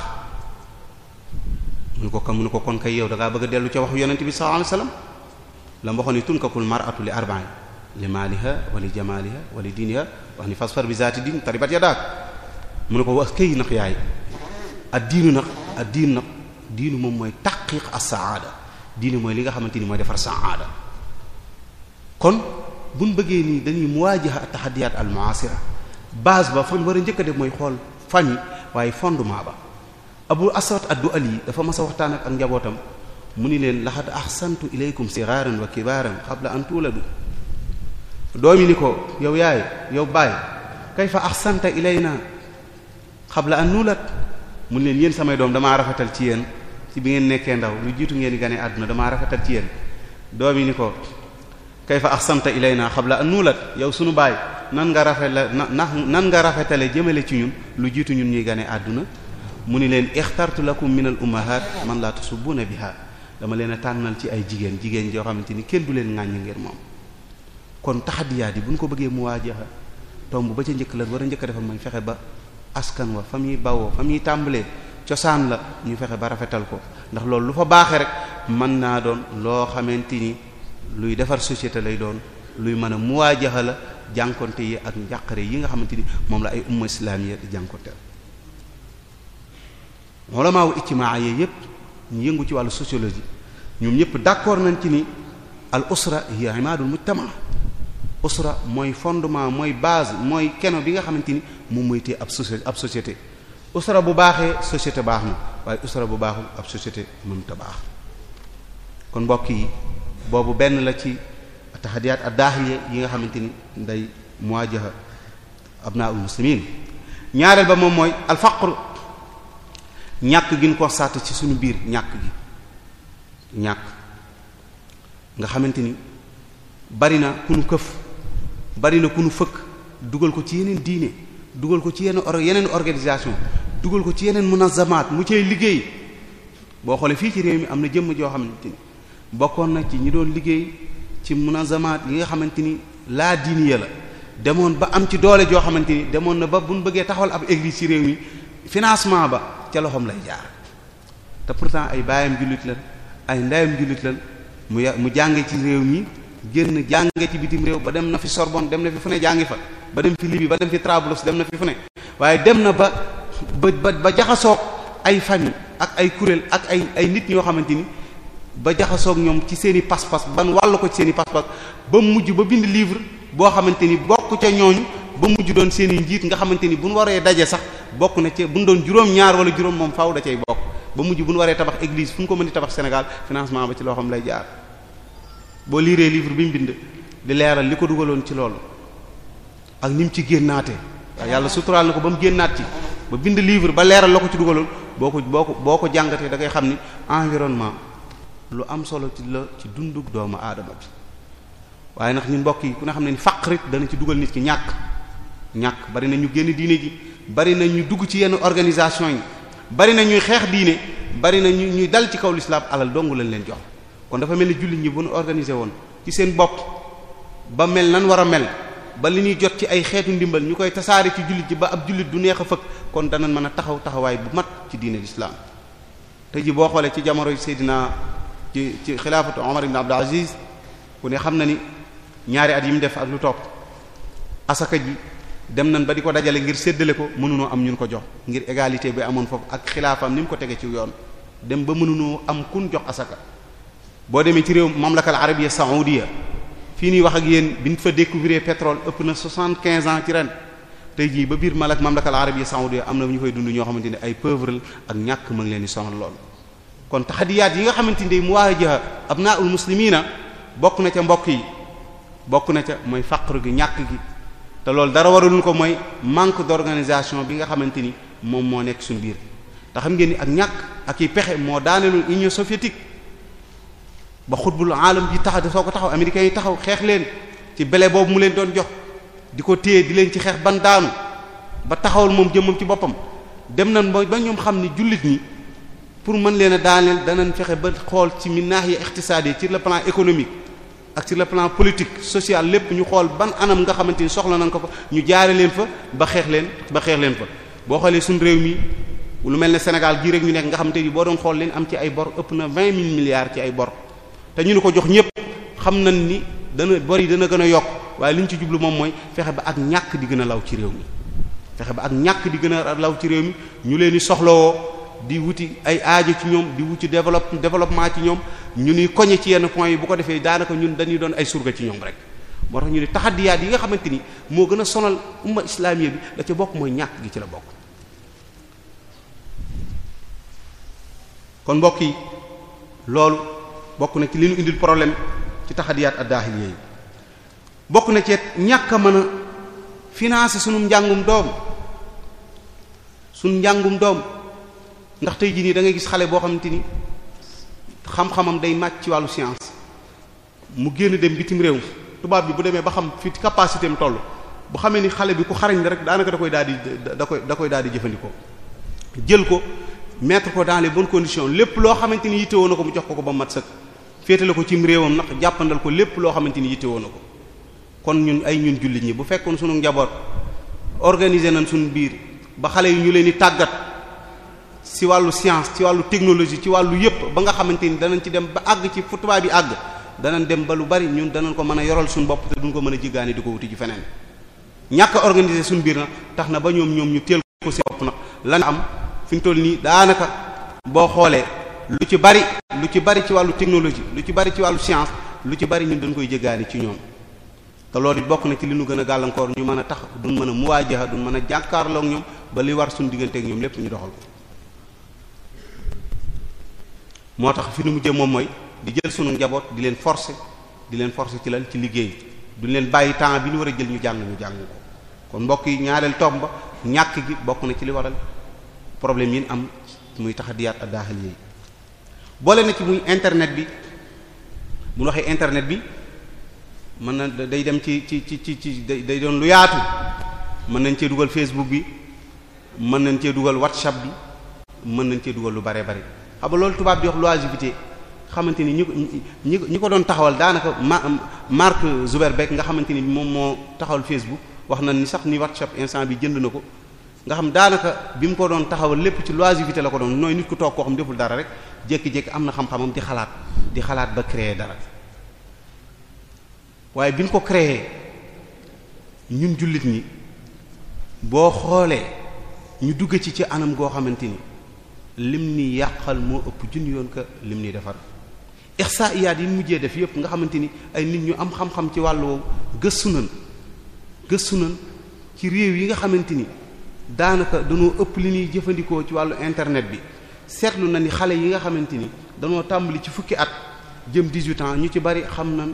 mu ne ko ko kon kay yow da ngaa bëgg a dellu ca waxu yonent bi sallallahu alayhi wasallam la mu waxoon ni tunkakul mar'atu li arba'in li maaliha wa li jamaaliha wa li diiniha wax ni fasfar bi zaati diin taribat yadaak mu ne ko wax këy nag yaay ad diinu nag ad diinu nag diinu moom mooy taqiq as-saada diinu mooy li nga xamante ni mooy defar saada kon buñ bëggee nii dañuy muwaajaha at-tahaddiyat al-mu'asira base ba fan war a njëkk a def mooy xool fan waaye fondement ba Abu Aswad ad-Du'ali dafa mas a waxtaan ak njabootam mu ni leen laxat ahsantu ilaykum sigaaran wa kibaaran qabla an tuuladu doomi ni ko yow yaay yow baay kayfa ahsanta ilayna qabla an nuulat mu ni leen yéen samay doom damaa rafetal ci yéen ci bi ngeen nekkee ndaw lu jiitu ngeen gane àdduna damaa rafetal ci yéen doomi ni ko kayfa ahsanta ilayna qabla an nuulat yow suñu baay nan nga rafetla nan nga rafetale jëmale ci ñun lu jiitu ñun ñuy gane àdduna mu ni leen ixtartu lakum min al ummahat man la tusubbuna biha dama leen a tànnal ci ay jigéen jigéen joo xamante ni kenn du leen ŋàññi ngir moom kon taxadiyaat yi bu ñu ko bëggee mu waajaxa tomb ba ca njëkk la war a njëkk a defal mooy fexe ba askan wa fa muy bawoo fa muy tàmbalee cosaan la ñu fexe ba rafetal ko ndax loolu lu fa baaxee rek mën naa doon loo xamante ni luy defar société lay doon luy mën a muwaajaxa la jànkonte yi ak njàqare yi nga xamante ni moom la ay umma islaamiya di jànkonteel ulama wu ijtimaa yi yépp ñu yëngu ci wàllu sociologie ñoom ñëpp d'accord nañ ci ni al usra hiya imadul mujtama usra mooy fondement mooy base mooy keno bi nga xamante ni moom mooy tee ab société ab société usra bu baaxee société baax na waaye usra bu baaxul ab société mënut a baax kon mbokk yi boobu benn la ci tahadiyaat ad-daaxiliya yi nga xamante ni day muwaajaha abnaa'ul muslimiin ñaareel ba moom mooy ñàkk gi ñu ko saata ci suñu biir ñàkk gi ñàkk nga xamante ni bari na ku këf bari na ku nu fëkk dugal ko ci yeneen diine dugal ko ci yeneen or yeneen organisation dugal ko ci yeneen munazamaat mu cay liggéey boo xoolee fii ci réew mi am na jëmm joo xamante ni bokkoon na ci ñi doon liggéey ci munazamaat yi nga xamante ni laa diiniya la demoon ba am ci doole joo xamante ni demoon na ba buñ bëggee taxawal ab église ci réew mi financement ba ca loxoom lay jaar te pourtant ay baayam jullit lan ay ndayam jullit lan mu mu jànge ci réew mi génn jànge ci bitim réew ba dem na fi Sorbonne dem na fi fu ne jàngi fa ba dem fi Libye ba dem fi Trablos dem na fi fu waaye dem na ba ba ba jaxasoog ay famille ak ay kuréel ak ay ay nit ñoo xamante ni ba jaxasoog ñoom ci seen i pas-pas ban wàll ko ci seeni i pas-pas ba mujj ba bind livre boo xamante ni bokk ca ñooñu ba mu mujj doon seen i njiit nga xamante ni bu ñu waree daje sax bokk na ci bu ñu doon juróom-ñaar wala juróom moom faaw da cay bokk ba mujj bu ñu waree tabax église fu ñu ko mën di tabax Sénégal financement ba ci loo xam lay jaar boo liiree livre bi mu bind di leeral li ko dugaloon ci loolu ak ni mu ci génnaatee yàlla suturaal na ko ba mu génnaat ci ba bind livre ba leeral la ko ci dugaloon boo ko boo ko boo ko jàngatee da ngay xam ni environnement lu am solo ci la ci dundug doomu aadama bi waaye nag ñun mbokk yi ku ne xam ne ni faq rek dana ci dugal nit ki ñàkk ñàkk bari na ñu génn diine ji bari na ñu dugg ci yenn organisation yi bari na ñuy xeex diine bari na ñu ñuy dal ci kaw lislaam alal dong lañ leen jox kon dafa mel ni jullit ñi bu ñu organisé woon ci seen bopp ba mel nan war a mel ba li ñuy jot ci ay xeetu ndimbal ñu koy tasaare ci jullit ji ba ab jullit du neex a fëkk kon danañ mën a taxaw taxawaay bu mat ci diine lislaam te ji boo xoolee ci jamono yi Seydina ci ci xilaafatu Omar ibn Abdul ku ne xam na ni ñaari at yi mu def ak lu topp asaka ji dem nañ ba di ko dajale ngir séddale ko mënunoo am ñun ko jox ngir égalité bi amoon foofu ak xilaafam ni mu ko tegee ci yoon dem ba mënunoo am kun jox asaka boo demee ci réew mamlakal arabia saoudia fi nuy wax ak yéen bi ñu fa découvrir pétrole ëpp na soixante-quinze ans ci ren te jii ba biir malak mamlakal arabia saoudia am na ñu fay dund ñoo xamante ne ay pauvre ak ñàkk mën leen di sonal lool kon taxadiyaat yi nga xamante ni muwaajaha abnaul muslimina bokk na ca mbokk yi bokk na ca mooy faqru gi ñàkk gi te loolu dara warul ko mooy manque d'organisation bi nga xamante ni moom moo nekk suñ biir te xam ngeen ni ak ñàkk ak yi pexe moo daaneelu Union soviétique ba xutbul alam bi tax soo ko taxaw américains yi taxaw xeex leen ci bele boobu mu leen doon jox di ko téye di leen ci xeex ban daanu ba taxawal moom jëmmam ci boppam dem na ba ba ñoom xam ni jullit ñi pour mën leen a daaneel danañ fexe ba xool ci minaax yi ixtisaad ci le plan économique ak sur le plan politique social lépp ñu xool ban anam nga xamante ni soxla nañ ko fa ñu jaare leen fa ba xeex leen ba xeex leen fa boo xoolee suñu réew mi lu mel ne Sénégal gii rek ñu nekk nga xam xamante ni boo doon xool leen am ci ay bor ëpp na vingt mille milliards ci ay bor te ñu ne ko jox ñépp xam na ni dana bor yi dana gën a yokk waaye li ci jublu moom mooy fexe ba ak ñàkk di gën a law ci réew mi fexe ba ak ñàkk di gën a law ci réew mi ñu leen di soxlawoo di wuti ay aajo ci ñoom di wuti développe développement ci ñoom ñu ni koñe ci yenn points yi bu ko defee daanaka ñun dañuy doon ay surga ci ñoom rek moo tax ñu ne taxadiyaat yi nga xamante ni moo gën a sonal umma islamiya bi la ca bokk mooy ñàkk gi ci la bokk kon mbokk yi loolu bokk na ci li ñu indil problème ci taxadiyaat ad-daahiliya yi bokk na ceet ñàkk a mën a financer sunu njàngum doom sunu njàngum doom ndax tey jii nii da ngay gis xale boo xamante ni xam-xamam day màcc ci wàllu science mu génn dem bitim réew tubaab bi bu demee ba xam fi capacité am toll bu xamee ni xale bi ku xarañ la rek daanaka da koy daal di da koy da daal di jëfandikoo jël ko mettre ko dans les bonnes condition lépp loo xamante ni yittewoo na ko mu jox ko ko ba mat sëkk féetale ko cim réewam ndax jàppandal ko lépp loo xamante ni yittewoo na ko kon ñun ay ñun jullit ñi bu fekkoon sunu njaboot organiser nañ sunu biir ba xale yi ñu leen di tàggat. ci wàllu science ci wàllu technologie ci wàllu yépp ba nga xamante ni danañ ci dem ba àgg ci fu bi àgg danañ dem ba lu bari ñun danañ ko mën a yoral suñu bopp te duñ ko mën a jiggaani di ko wuti ci feneen ñàkk a suñu biir tax na ba ñoom ñoom ñu teel ko ci bopp nag am fi toll nii daanaka boo xoolee lu ci bari lu ci bari ci wàllu technologie lu ci bari ci wàllu science lu ci bari ñun dañ koy jéggaani ci ñoom te loolu bokk na ci li ñu gën a gàllankoor ñu mën a tax duñ mën a muwaajaha duñ mën a jàkkaarloo ñoom ba li war suñu digganteeg ñoom lépp ñu doxal ko moo tax fi nu mujjee moom mooy di jël suñu njaboot di leen forcer di leen forcer ci lal ci liggéey duñ leen bàyyi temps bi ñu war a jël ñu jàng ñu jàng ko kon mbokk yi ñaareel tomb ba ñàkk gi bokk na ci li waral problème yi ñu am muy di taxadiyaat addaaxal yi boole na ci muy internet bi mu ñu internet bi mën na day dem ci ci ci ci day doon lu yaatu mën nañ cee dugal Facebook bi mën nañ cee dugal WhatsApp bi mën nañ cee dugal lu bare bare xam loolu tubaab di wax l'oisiveté xamante ni ñi ko ñi ñi ko doon taxawal daanaka ma Mark Zuckerberg nga xamante ni moom moo taxawal Facebook wax na ni sax ni WhatsApp instant bi jënd na ko nga xam daanaka bi mu ko doon taxawal lépp ci vité la ko doon nooy nit ku toog koo xam deful dara rek jékki-jékki am na xam-xamam di xalaat di xalaat ba créer dara waaye bi mu ko créer ñun jullit ñi boo xoolee ñu dugg ci ci anam goo xamante ni. lim ni yàqal moo ëpp junni yoon ka lim ni defar ixsa yi mujjee def yëpp nga xamante ni ay nit ñu am xam-xam ci wàll woowu gëstu nan gëstu nan ci réew yi nga xamante ni daanaka dañoo ëpp li ñuy jëfandikoo ci wàllu internet bi seetlu na ni xale yi nga xamante ni dañoo tàmbali ci fukki at jëm 18 ñu ci bari xam nan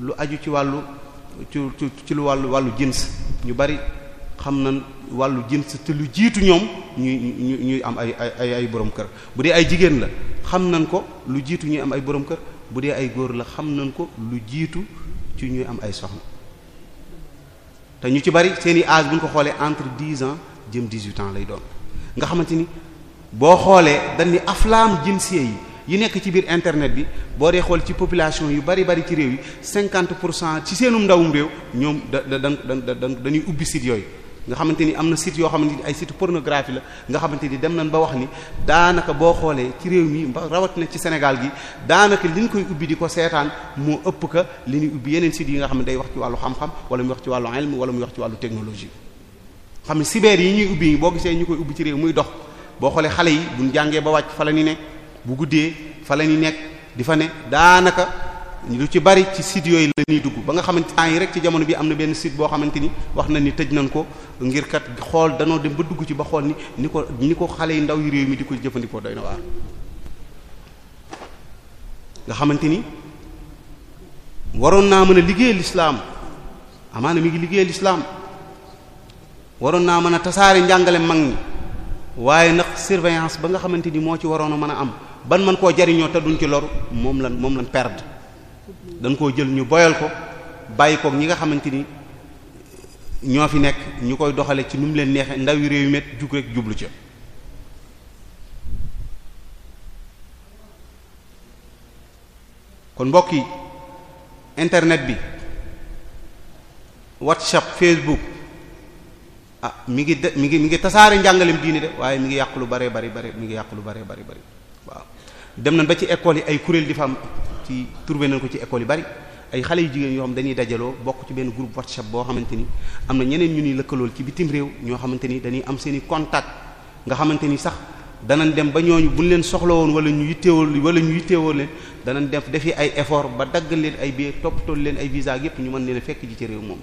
lu aju ci wàllu ci ci lu wàllu wàllu jins ñu bari xam nan wàllu jins te lu jiitu ñoom ñuy ñu ñuy am ay ay borom kër bu dee ay jigéen la xam nañ ko lu jiitu ñuy am ay borom kër bu dee ay góor la xam nañ ko lu jiitu ci ñuy am ay soxna te ñu ci bari seen i âge bu ñu ko xoolee entre dix ans jëm dix-huit ans lay doon nga xamante ni boo xoolee dañ ni aflaam jinsiye yi yi nekk ci biir internet bi boo dee xool ci population yu bari bari ci réew yi pour cent ci seenum ndawum réew ñoom da da da dañuy ubbi site yooyu nga xamante ni am na site yoo xamante ni ay site pornographie la nga xamante ni dem nañ ba wax ni daanaka boo xoolee ci réew mi ba rawatina ci Sénégal gi daanaka li ñu koy ubbi di ko seetaan moo ëpp ka li ñuy ubbi yeneen sites yi nga xam ne day wax ci wàllu xam-xam wala mu wax ci wàllu ilm wala mu wax ci wàllu technologie xam ne cyber yi ñuy ubbi boo gisee ñu koy ubbi ci réew muy dox boo xoolee xale yi bu buñ jàngee ba wàcc fa la ñu ne bu guddee fa la ñu nekk di fa ne daanaka lu ci bari ci site yooyu la dugg ba nga xamante temps rek ci jamono bi am na benn site boo xamante ni wax na ni tëj nañ ko ngir kat xool danoo dem ba dugg ci ba ni ni ko ni ko xale yi ndaw yi réew mi di ko jëfandikoo doy na waar nga xamante ni waroon naa mën a liggéey lislaam amaana mi ngi liggéey lislaam waroon naa mën a tasaare njàngale mag ñi waaye nag surveillance ba nga xamante ni moo ci waroon a mën a am ban man koo jariñoo te duñ ci loru moom lan moom lan perdre dañ koo jël ñu boyal ko bàyyi koog ñi nga xamante ni ñoo fi nekk ñu koy doxale ci nu mu leen neexee ndaw yu réew mi jug rek jublu ca kon mbokk yi internet bi whatsapp facebook ah mi ngi de mi ngi mi ngi tasaare njàngalem diini de waaye mi ngi yàq lu bare bare bare mi ngi yàq lu bare bare bare waaw dem na ba ci école yi ay kuréel di fa am ci trouvé nañ ko ci école yi bari ay xale yu jigéen yoo xam dañuy dajaloo bokk ci benn groupe whatsapp boo xamante ni am na ñeneen ñu ni lëkkalool ci bitim réew ñoo xamante ni dañuy am seen i contact nga xamante ni sax danañ dem ba ñooñu buñ leen soxla woon wala ñu yitteewoo wala ñu yitteewoo leen danañ def defi ay effort ba dagg leen ay billets toppatoo leen ay visa yépp ñu mën leen fekk ji ci réew moom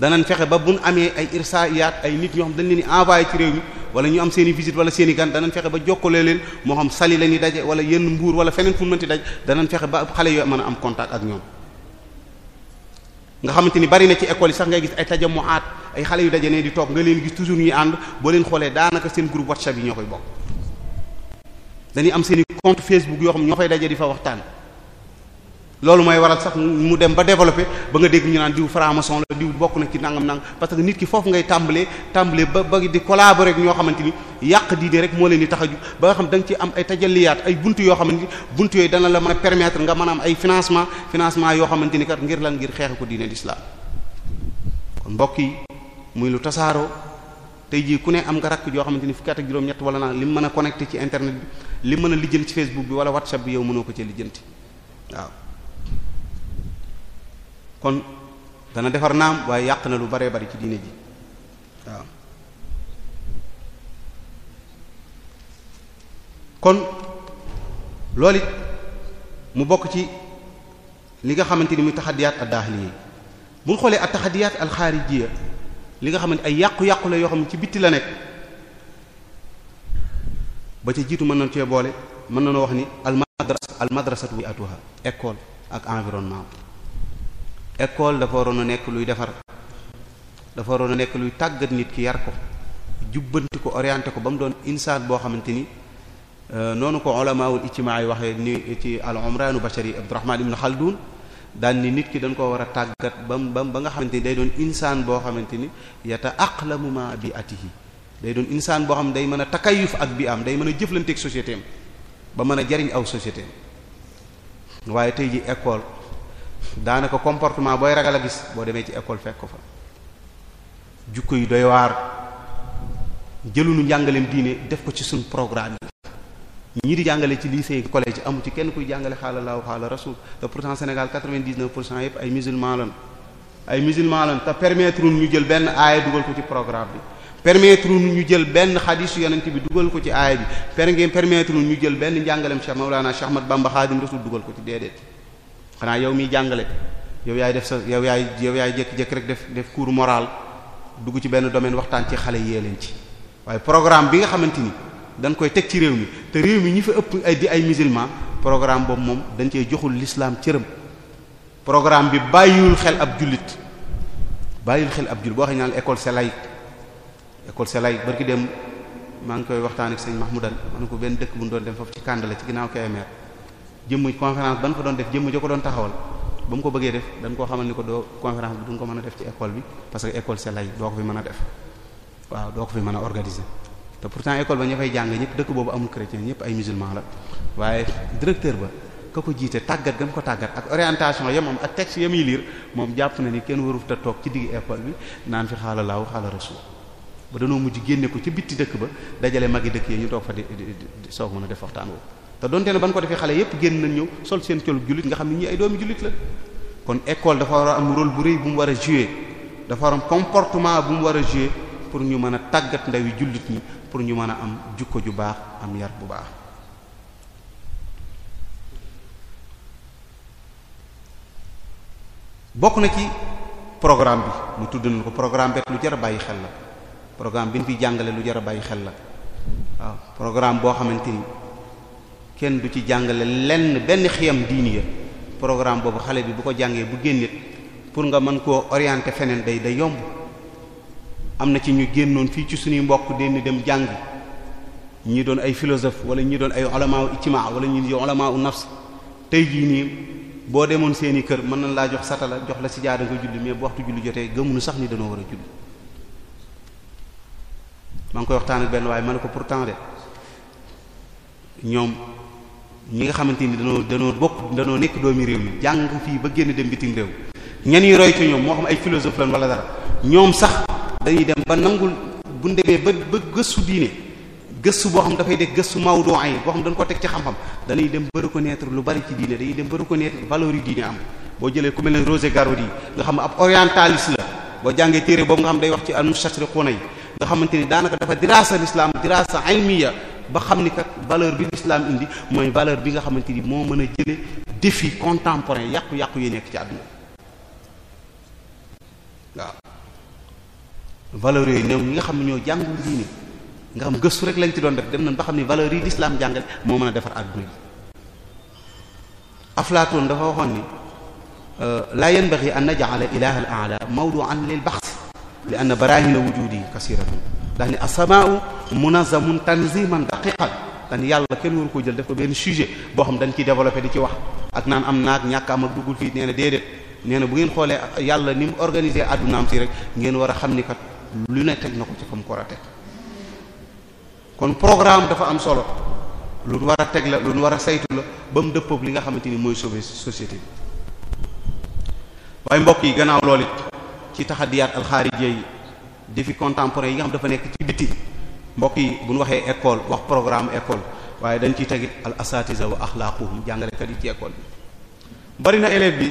danañ fexe ba buñ amee ay irsaiyaat ay nit ñoo xam dañ leen di envoyé ci réew mi wala ñu am seen i visite wala seen i gan danañ fexe ba jokkalee leen moo xam sali la ñuy daje wala yenn mbuur wala feneen fu mënti daj danañ fexe ba xale yoo mën a am contact ak ñoom nga xamante ni bari na ci école yi sax ngay gis ay tajamu aat ay xale yu daje ne di toog nga leen gis toujours ñuy ànd boo leen xoolee daanaka seen groupe WhatsApp yi ñoo koy bokk dañu am seen i compte yoo xam ñoo fay daje di fa waxtaan loolu mooy waral sax mu dem ba développé ba nga dégg ñu naan diw franc-maçon la diw bokk na ci nangam nangam parce que nit ki foofu ngay tàmbalee tàmbalee ba ba di collaborer ak ñoo xamante ni yàq diine rek moo leen di tax a jug ba nga xam da nga ci am ay tajalliyaat ay buntu yoo xamante ni buntu yooyu dana la mën a permettre nga mën am ay financement financement yoo xamante ni kat ngir lan ngir xeexe ko diine l'islam kon mbokk yi muy lu tasaaroo tey jii ku ne am nga rakk joo xamante ni fukki juróom-ñett naa li mën a connecté ci internet bi li mën a lijjanti ci Facebook bi bi yow mënoo ko ci lijjanti waaw kon dana defar naam waaye yàq na lu baree bari ci diine ji waaw kon loolu it mu bokk ci li nga xamante ni muy taxadiyaat ad-daaxiliya bu ñu xoolee at-taxadiyaat al li nga xamante ay yàqu-yàqu la yoo xam ne ci bitti la nekk ba ca jiitu mën na cee boole mën na wax ni al madrasa al madrasatu wi atuha école ak environnement école dafa waroon a nekk luy defar dafa waroon a nekk luy tàggat nit ki yar ko jubbanti ko orienté ko ba mu doon insaan boo xamante ni euh, noonu ko ulamaawul ijtimaa yi waxee ni ci al umraanu bashari Abdurrahman ibn Khaldun daan ni nit ki dañ koo war a tàggat ba mu ba nga xamante ni day doon insaan boo xamante ni yata aqlamu ma bi atihi day doon insaan boo xam day mën a takayuf ak bi am day mën a jëflanteeg société ba mën a jariñ aw société waaye tey ji école daanaka comportement booy ragal a gis boo demee ci école fekk ko fa jukko yi doy waar jëluñu njàngaleem diine def ko ci suñ programme yi ñii di jàngale ci lycée yi collège amu ci kenn kuy jàngale xaala laahu xaala rasul te pourtant Sénégal 99 pour cent yëpp ay musulman lan ay musulman lan te permettre ñu jël benn aaya dugal ko ci programme bi permettre ñu jël benn xadisu yonent bi dugal ko ci aaya bi per permettre ñu jël benn njàngaleem Cheikh Maulana Cheikh Ahmad Bamba dugal ko ci déedéet xanaa yow mi jàngale yow yaay def sa yow yaay yow yaay jékki-jékki rek def def cours moral dugg ci benn domaine waxtaan ci xale yee leen ci waaye programme bi nga xamante ni dañ koy teg ci réew mi te réew mi ñu fa ëpp ay di ay musulman programme boobu moom dañ cee joxul lislaam cëram programme bi bàyyiwul xel ab jullit bàyyiwul xel ab jullit boo xam ne naan école c'est laïque école c'est laïque barki dem maa ngi koy waxtaan ak sëñ Mahmoudane man ko benn dëkk bu ñu doon dem foofu ci Kandala ci ginnaaw jëmm conférence ban fa doon def jëmm jo doon taxawal ba mu ko bëggee def dañ koo xamal ni ko doo conférence bi duñ ko bi parce que école c'est ko mën a def waaw doo ko fi mën a organiser te pourtant école ba ña fay jàng ñëpp dëkk boobu amul chrétien ñëpp ay musulman la ba ko jiite tàggat gam ko tàggat ak orientation ya moom ak texte ya muy lire moom jàpp na ni kenn waruf te toog ci digg école bi naan fi xaala laaw xaala rasul ba danoo mujj génne ko ci bitti dëkk ba dajale magi dëkk yi ñu toog fa di soog mën a def waxtaan woowu te donte ne ban ko defee xale yépp génn nañ ñëw sol seen colu jullit nga xam ne ñi ay doomi jullit la kon école dafa war a am rôle bu rëy bu mu war a jouer dafa war a am comportement bu mu war a jouer pour ñu mën a tàggat ndawi jullit ñi pour ñu mën a am jukko ju baax am yar bu baax bokk na ci programme bi mu tudd nañ ko programme bi lu jar a bàyyi xel la programme bi ñu fi jàngale lu jar a bàyyi xel la waaw programme boo xamante ni kenn du ci jàngale lenn benn xiyam diiniya programme boobu xale bi bu ko jàngee bu génnit pour nga mën koo orienter feneen day day yomb am na ci ñu génnoon fii ci suñuy mbokk denn dem jàngi ñi doon ay philosophe wala ñi doon ay ulamaaw ijtimaa wala ñi ulamaaw nafs tey jii nii boo demoon seeni kër mën nañ laa jox satala jox la si jaar nga julli mais bu waxtu julli jotee gëmuñu sax ni dañoo war a julli maa ngi koy waxtaan ak benn waaye ma ne ko pourtant de ñi nga xamante ni danoo danoo bokk danoo nekk doomi réew mi jàng fii ba génn dem bitim réew ñan yi roy ci ñoom moo xam ay philosophe lan wala dara ñoom sax dañuy dem ba nangul bu demee ba ba gëstu diine gëstu boo xam dafay def gëstu mawdu ay boo xam dañ ko teg ci xam-xam dañuy dem ko reconnaître lu bari ci diine dañuy dem ba reconnaître valeur yi diine am boo jëlee ku mel ne Roger Garaudy nga xam ab orientaliste la boo jàngee téere boobu nga xam day wax ci al-mustashrikuuna yi nga xamante ni daanaka dafa diraasa l'islam diraasa ilmiya ba xam ni kat valeur bi l'islam indi mooy valeur bi nga xamante ni moo mën a jële défi contemporain yàqu-yàqu yi nekk ci àdduna waaw valeur yooyu néew ñi nga xam ne ñoo jàngul diine nga xam gëstu rek lañ ci doon def dem nañ ba xam ne valeurs yi l'islam jàngale moo mën a defar àdduna yi Aflaatoon dafa waxoon ni euh, laa yanbaghi an naj'ala ilaha al a'la mawdu'an lil bahth li anna barahina wujudi kasiratun ndax ni asamaau munazamun tanziman daqiqan dan yàlla kenn waru ko jël def ko benn sujet boo xam dañ ciy développé di ci wax ak naan am naag ñàkk am ak duggul fii nee na déedéet nee na bu ngeen xoolee yàlla ni mu organisé àddunaam si rek ngeen war a xam ni kat lu ne teg na ko ci comme ko war a teg kon programme dafa am solo lu war a teg la lu war a saytu la ba mu dëppoog li nga xamante ni mooy sauver société bi mbokk yi gannaaw ci taxadiyaat alxaarijiya yi défi contemporain yi nga xam dafa nekk ci biti mbokk yi bu ñu waxee école wax programme école waaye dañ ciy tegit al asatiza wa axlaaquhum jàngalekat yi ci école bi bari na élève bi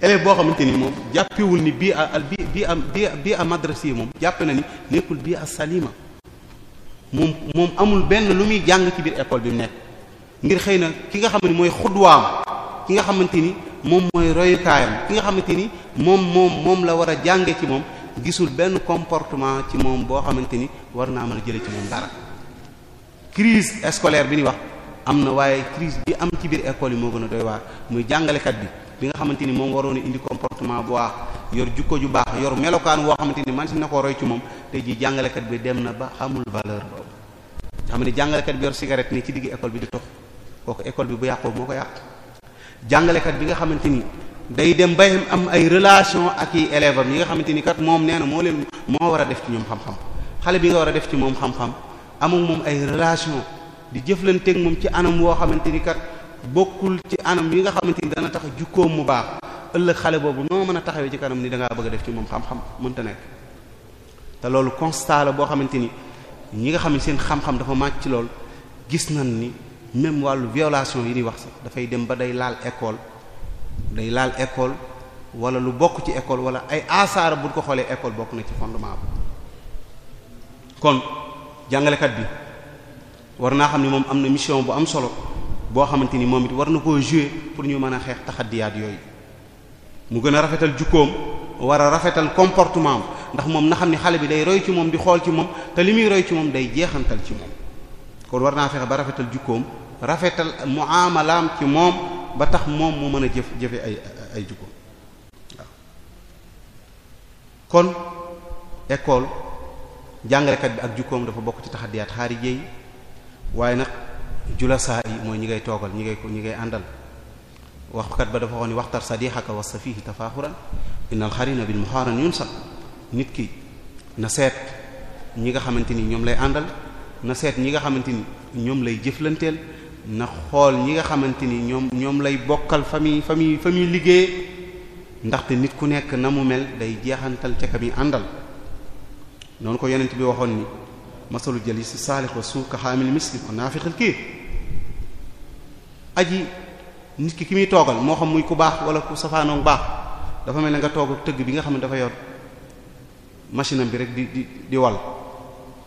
élève boo xamante ni moom jàppewul ni bii a bi bi a bi bi a moom jàppe na ni nekkul bii a salima moom moom amul benn lu muy jàng ci biir école bi mu nekk ngir xëy na ki nga xam ne mooy xudwaam ki nga xamante ni moom mooy royukaayam ki nga xamante ni moom moom la war a jànge ci moom gisul benn comportement ci moom boo xamante ni war naa mën a jële ci moom dara crise scolaire bi ñuy wax am na waaye crise bi am ci biir école yi moo gën a doy waar muy jàngalekat bi bi nga xamante ni moom waroon a indi comportement bu baax yor jukko ju baax yor melokaan woo xamante ni man si na ko roy ci moom te ji jàngalekat bi dem na ba xamul valeur boobu xam ne jàngalekat bi yor cigarette ni ci digg école bi di tox kooku école bi bu yàqoo moo ko jàngalekat bi nga xamante ni day dem bay am ay relation ak i élève am yi nga xamante ni kat moom nee na moo leen moo war a def ci ñoom xam-xam xale bi nga war a def ci moom xam-xam amul moom ay relation di jëf jëflanteeg moom ci anam woo xamante ni kat bokkul ci anam yi nga xamante ni dana tax jukkoom mu baax ëllëg xale boobu noo mën a taxawee ci kanam ni da bëgg a def ci moom xam-xam mënta nekk te loolu constat la boo xamante ni ñi nga xam ne seen xam-xam dafa màcc ci lool gis nañ ni même wàllu violation yi ñuy wax sax dafay dem ba day laal école day laal école wala lu bokk ci école wala ay asaara buñ ko xoolee école bokk na ci fondement bi kon jàngalekat bi war naa xam ne moom am na mission bu am solo boo xamante ni moom it war na koo jouer pour ñu mën a xeex taxadiyaat yooyu mu gën a rafetal jukkoom war a rafetal comportement ndax moom na xam ne xale bi day roy ci moom di xool ci moom te li muy roy ci moom day jeexantal ci moom kon war naa fexe ba rafetal jukkoom rafetal mu muamalaam ci moom ba tax moom mu mën a jëf jëfe ay ay jukkoom waaw kon école jàngalekat bi ak jukkoom dafa bokk ci taxadiyaat xaarije yi waaye nag jula julasaa yi mooy ñi ngay toogal ñi ngay ñi ngay àndal waxkat ba dafa waxoon ni waxtar sadixaka wa safihi tafaaxuran innal xarina bil muxaaran ni sax nit ki na seet ñi nga xamante ni ñoom lay àndal na seet ñi nga xamante ni ñoom lay jëflanteel na xool ñi nga xamante ni ñoom ñoom lay bokkal famille fami fami liggéey ndaxte nit ku nekk na mu mel day jeexantal ca ka àndal noonu ko yonent bi waxoon ni masalu si saalih ko suu ka xaamil miskin wa naafiqil kii aji nit ki ki muy toogal moo xam muy ku baax wala ku safaanoog baax dafa mel ne nga toog tëgg bi nga xam ne dafa yor machine bi rek di di di wal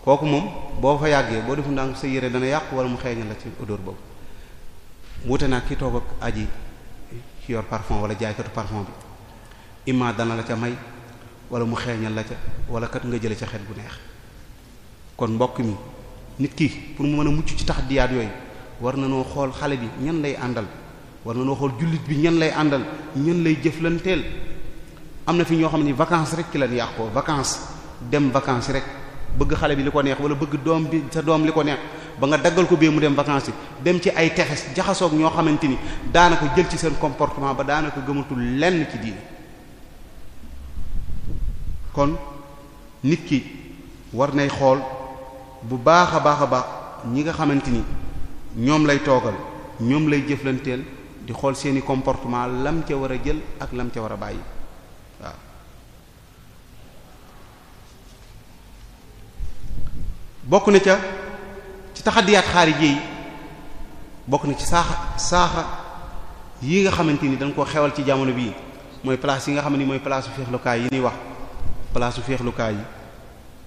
kooku moom boo fa yàggee boo defu ndànk sa yére dana yàqu wala mu xeeñal la ci odeur boobu wuute naa ki toog ak aji ci yor parfum wala jaaykatu parfum bi imma dana la ca may wala mu xeeñal la ca wala kat nga jële ca xet bu neex kon mbokk mi nit ki pour mu mën a mucc ci tax diyaat yooyu war na noo xool xale bi ñan lay àndal war na noo xool jullit bi ñan lay àndal ñan lay jëf jëflanteel am na fi ñoo xam ne vacances rek ci lañ yàq ko vacances dem vacances rek bëgg xale bi li ko neex wala bëgg doom bi sa doom li ko neex ba nga daggal ko bee mu dem vacances yi dem ci ay texes jaxasoog ñoo xamante ni daana jël ci seen comportement ba daanaka ko gëmatul lenn ci diine kon nit ki war nay xool bu baax a baax a baax ñi nga xamante ni ñoom lay toogal ñoom lay jëflanteel di xool seeni comportement lam ca war a jël ak lam ca war a bàyyi bokk na ca ci taxadiyaat xaarije yi bokk na ci saaxa saaxa yi nga xamante ni dañ koo xewal ci jamono bii mooy place yi nga xam ni mooy place su feexlukaay yi ñuy wax place su feexlukaay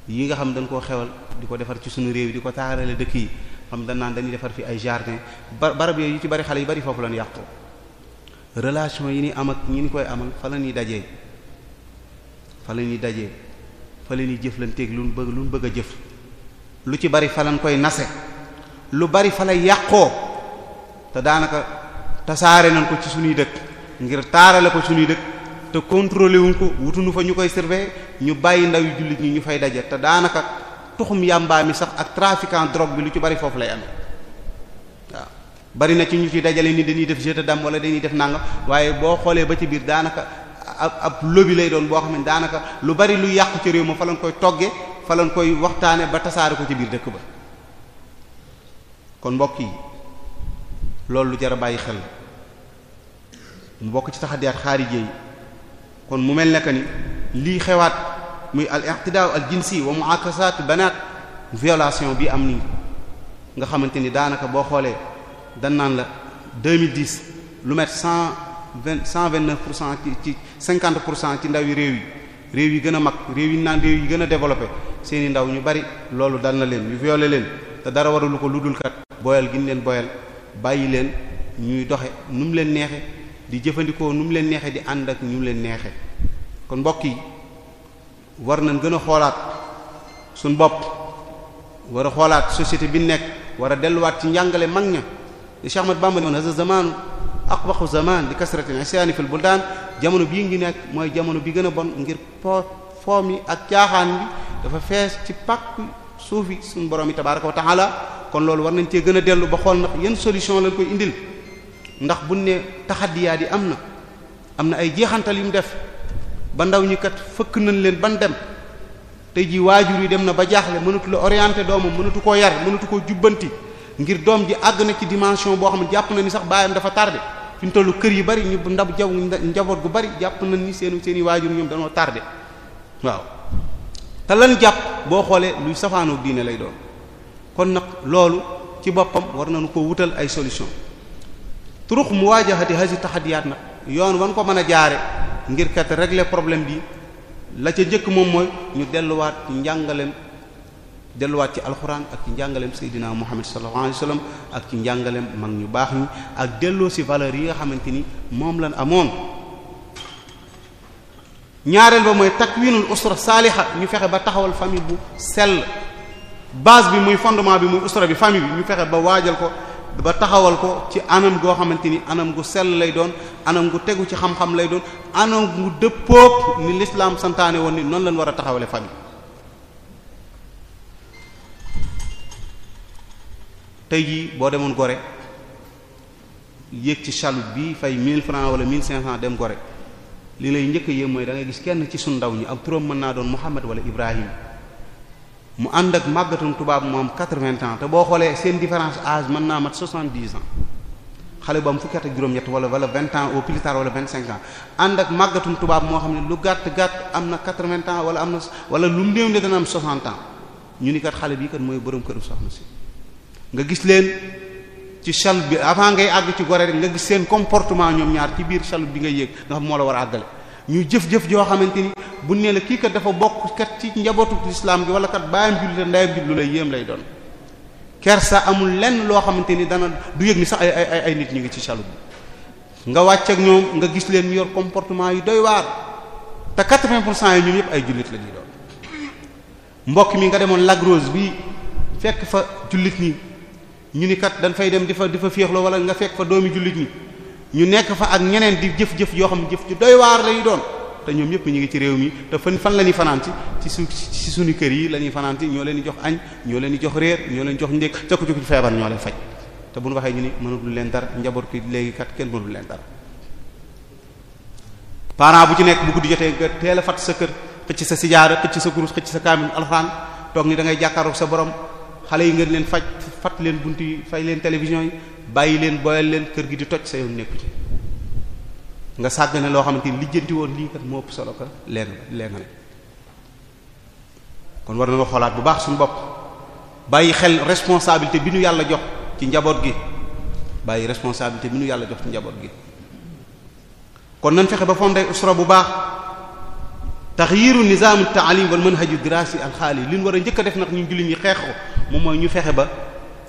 yi yi nga xam dañ koo xewal di ko defar ci suñu réew yi di ko taarale dëkk yi xam dañ naan dañuy defar fi ay jardin barab yooyu ci bari xale yu bari foofu lañ yàqu relation yi ni am ak ñi ni koy amal fa la ñuy dajee fa la ñuy dajee fa la ñuy jëflanteeg lu ñu bëgg lu bëgg a jëf lu ci bari falan koy nase lu bari fala yàqoo te daanaka tasaare nañ ko ci suñuy dëkk ngir taarale ko suñuy dëkk te contrôlé wuñ ko wutuñu fa ñu koy surveiller ñu bàyyi ndaw yu jullit ñi ñu fay daje te daanaka tuxum yàmbaa mi sax ak trafiquant drogue bi lu ci bari foofu lay am waaw bari na ci ñu ci dajale ni dañuy def jeu de dame wala dañuy def nanga waaye boo xoolee ba ci biir daanaka ab ab lobi lay doon boo xam ne daanaka lu bari lu yàqu ci réew ma fa lañ koy toggee fa koy waxtaane ba tasaare ko ci biir dëkk ba kon mbokk yi loolu lu jar a bàyyi xel mu bokk ci taxadiyaat xaarije yi kon mu mel ne que ni lii xewaat muy al iqtidaa al jinsi mu muakasaatu banaat violation bi am nii nga xamante ni daanaka boo xoolee dan naan la 2010 lu met cent vingt cent vingt pour cent ci ci cinquante pour cent ci ndawi réew yi réew yi gën a mag réew yi naan réew yi gën a développé seeni ndaw ñu bari loolu dal na leen ñu violé leen te dara waralu ko lu dul kat boyal gin leen boyal bàyyi leen ñuy doxe nu mu leen neexe di jëfandikoo nu mu leen neexe di ànd ak ñu leen neexe kon mbokk yi war nañ gën a xoolaat suñ bopp war a xoolaat société bi nekk war a delluwaat ci njàngale mag ña di Cheikh Ahmad Bamba man hasa ak waxu zaman di kasratin isyaani fil daan jamono bii ngi nekk mooy jamono bi gën a bon ngir po foom yi ak caaxaan bi dafa fees ci pàkk suufi suñu borom yi tabaraka wa taala kon loolu war nañ cee gën a dellu ba xool ndax yan solution lañ koy indil ndax bu ne taxadiyaat yi am na am na ay jeexantal yu mu def ba ndaw ñu kat fëkk nañ leen ban dem te ji waajur yi dem na ba jaaxle mënatu la orienter doomam mënatu koo yar mënatu koo jubbanti ngir doom ji àgg na ci dimension boo xam ne jàpp na ni sax baayam dafa tardé fi ñu tollu kër yi bari ñu ndab jaw njaboot gu bari jàpp na ni seen seen i ñoom dañoo tardé waaw te lan jàpp boo xoolee luy safaanoo diine lay doon kon nag loolu ci boppam war nañu ko wutal ay solution turux muwaajahati hasi taxadiyaat nag yoon wan ko mën a jaare ngir kat regle problème bi la ca njëkk moom mooy ñu delluwaat ci njàngaleem delluwaat ci alxuraan ak ci njàngaleem Seydina Muhammad sallallahu alayhi wasallam ak ci njàngaleem mag ñu baax ñi ak delloo si valeurs yi nga xamante ni moom lan amoon ñaareel ba mooy takwinul usra saaliha ñu fexe ba taxawal famille bu sell base bi muy fondement bi muy usra bi famille bi ñu fexe ba waajal ko ba taxawal ko ci anam goo xamante ni anam gu sell lay doon anam gu tegu ci xam-xam lay doon anam gu dëppook ni lislaam santaane woon ni noonu lan war a taxawale famille tey jii boo demoon Gorée yéeg ci chaloupe bi fay 1000 francs wala 1500 dem Gorée li lay njëkk a mooy da ngay gis kenn ci sunu ndaw ñi ak turam mën naa doon Muhammad wala Ibrahim mu ànd ak màggatum tubaab moom quatre-vingts ans te boo xoolee seen différence âge mën naa mat soixante-dix ans xale bu am fukki ak juróom-ñett wala wala vingt ans au plus tard wala vingt-cinq ans ànd ak màggatum tubaab moo xam ne lu gàtt gàtt am na quatre-vingts ans wala am na wala lu néew ne dana am soixante ans ñu ni kat xale bii kat mooy borom këru soxna si ci chal bi avant ngay àgg ci gore rek nga gis seen comportement ñoom ñaar ci biir chal bi ngay yéeg nga xam moo la war a àggale ñu jëf-jëf joo xamante ni bu nee la kii kat dafa bokk kat ci njabootu lislaam gi wala kat bàyyam jullit ndayam jullit lu lay yéem lay doon kersa amul lenn loo xamante ni dana du yëg ni sax ay ay ay nit ñu ngi ci chal bi nga wàcc ak ñoom nga gis leen ñu comportement yi doy waar te 80 pour cent yi ñoom yëpp ay jullit la ñuy doon mi nga demoon Lac bi fekk fa jullit ñi ñu ni kat dañ fay dem di fa di fa féexloo wala nga fekk fa doomi jullit ñi ñu nekk fa ak ñeneen di jëf-jëf yoo xam jëf ju doy waar lay doon te ñoom ñëpp ñu ngi ci réew mi te fan fan la ñuy fanaan ci ci ci suñu kër yi la ñuy fanaan ci ñoo leen di jox añ ñoo leen di jox réer ñoo leen jox ndékk te ku ci feebar ñoo leen faj te bu ñu waxee ñu ni mënatul leen dara njaboot ki léegi kat kenn mënul leen dara parent bu ci nekk bu guddi jotee nga teel a fat sa kër xëcc sa sijaara xëcc sa kurus xëcc sa kaamil alxuraan toog ni da ngay sa borom xale yi ngeen leen faj fat leen bunt yi fay leen télévision yi bàyyi leen boyal leen kër gi di toj sa yoon nekku ci nga sàgg ne loo xamante ni lijjanti woon lii kat moo ëpp solo ka leen leen la kon war nañoo xoolaat bu baax suñu bopp bàyyi xel responsabilité bi nu yàlla jox ci njaboot gi bàyyi responsabilité bi nu yàlla jox ci njaboot gi kon nañ fexe ba fondé usra bu baax taxyiru nizaamu taalim wal manhaju dirasi alxaali li ñu war a njëkk def nag ñu jullit ñi xeex moom mooy ñu fexe ba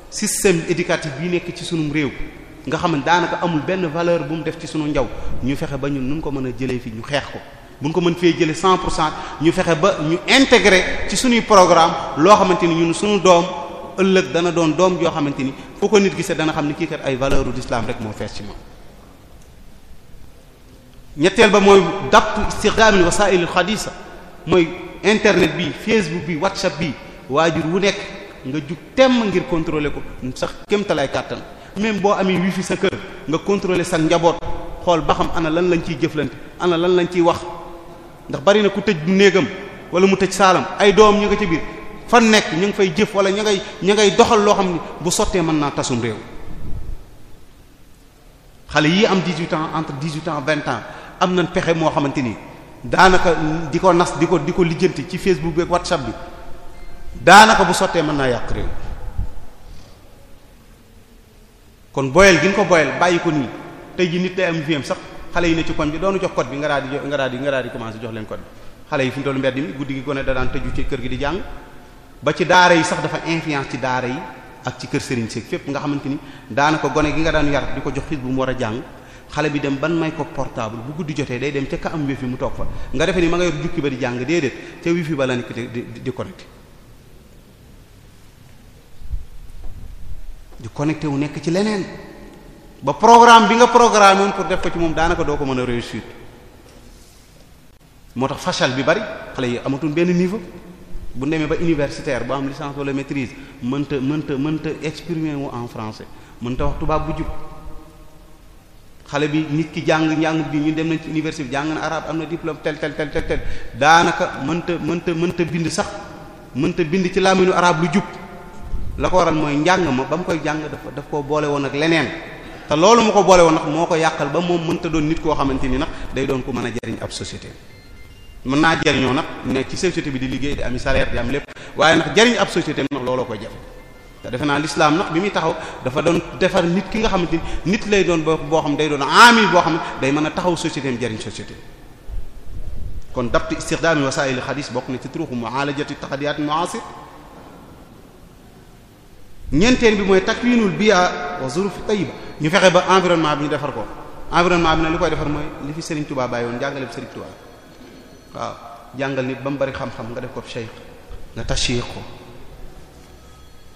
système éducatif bi nekk ci sunum réew nga xam ne daanaka amul benn valeur bu mu def ci sunu njaw ñu fexe ba ñun nu ko mën a jëlee fi ñu xeex ko bu ko mën fee jëlee 100 cent ñu fexe ba ñu intégré ci sunuy programme loo xamante ni ñun sunu doom ëllëg dana doon doom joo xamante ni fu ko nit gisee dana xam ne kii kat ay valeur u l'islam rek moo fees ci ñetteel ba mooy daptu istiqdaamil wasaa'ilil xadiisa mooy internet bi Facebook bi WhatsApp bi waajur wu nekk. nga jug temm ngir contrôler ko sax kémtalaay kàttan même boo amee wifi sa kër nga contrôler sa njaboot xool ba xam ana lan lañ ciy jëflante ana lan lañ ciy wax ndax bari na ku tëj néegam wala mu tëj saalam ay doom ñu nga ca biir fa nekk ñu ngi fay jëf wala ñu ngay ñu ngay doxal loo xam ne bu sottee mën naa tasum réew xale yii am 18 ans entre 18 ans 20 ans am nañ pexe moo xamante ni daanaka di ko nas di ko di ko lijjanti ci Facebook bi ak WhatsApp bi daanaka bu sottee mën naa yàq réew kon boyal gi nga ko boyal bàyyi ko nii tey ji nit day am viem yi bi doonu jox code bi nga daal di nga daal di nga daal di commencé jox leen code bi mu toll gi gone jàng ba ci daara yi sax dafa influence ci daara yi ak ci kër sëriñ Seck fépp nga xamante ni daanaka gone gi nga daan yar di ko jox bu mu war a jàng xale bi dem ban may ko portable bu guddi day dem ca ka am wifi mu toog fa nga defee ni ma nga yor jukki ba di jàng déedéet ca wifi ba la nekk di di connecté di connecté wu nekk ci leneen ba programme bi nga programme woon pour def ko ci moom daanaka doo ko mën a réussir moo tax fachal bi bari xale yi amatul benn niveau bu demee ba universitaire bu am licence wala maîtrise mënta mënta mënta exprimer mu en français mënta wax tubaab bu jub xale bi nit ki jàng njàng bi ñu dem nañ ci université bi jàng na arabe am na diplôme tel tel tel tel tel daanaka mënta mënta mënta bind sax mënta bind ci làmmiñu arabe lu jub la ko waral mooy njàng ma ba mu koy jàng dafa daf ko boole woon ak leneen te loolu mu ko boole woon nag moo ko yàqal ba moom mënta doon nit koo xamante ni nag day doon ko mën a jariñ ab société mën naa jariñoo nag ne ci société bi di liggéey di am salaire di am lépp waaye nag jariñ ab société nag looloo koy jafe te naa l'islam nag bi muy taxaw dafa doon defar nit ki nga xamante ni nit lay doon boo xam day doon amil boo xam ne day mën a taxaw société am jariñ société kon dapt istixdaami wasaa'il xadis bokk na ci turuxu mu'alajati taxadiyaat mu'asir ñeenteel bi mooy takwinul bi'a wa zuruf tayyiba ñu fexe ba environnement bi ñu defar ko environnement bi nag li koy defar mooy li fi Serigne Touba bàyyi woon jàngale bi Serigne Touba waaw jàngal nit ba mu bari xam-xam nga def ko cheikh nga tashir ko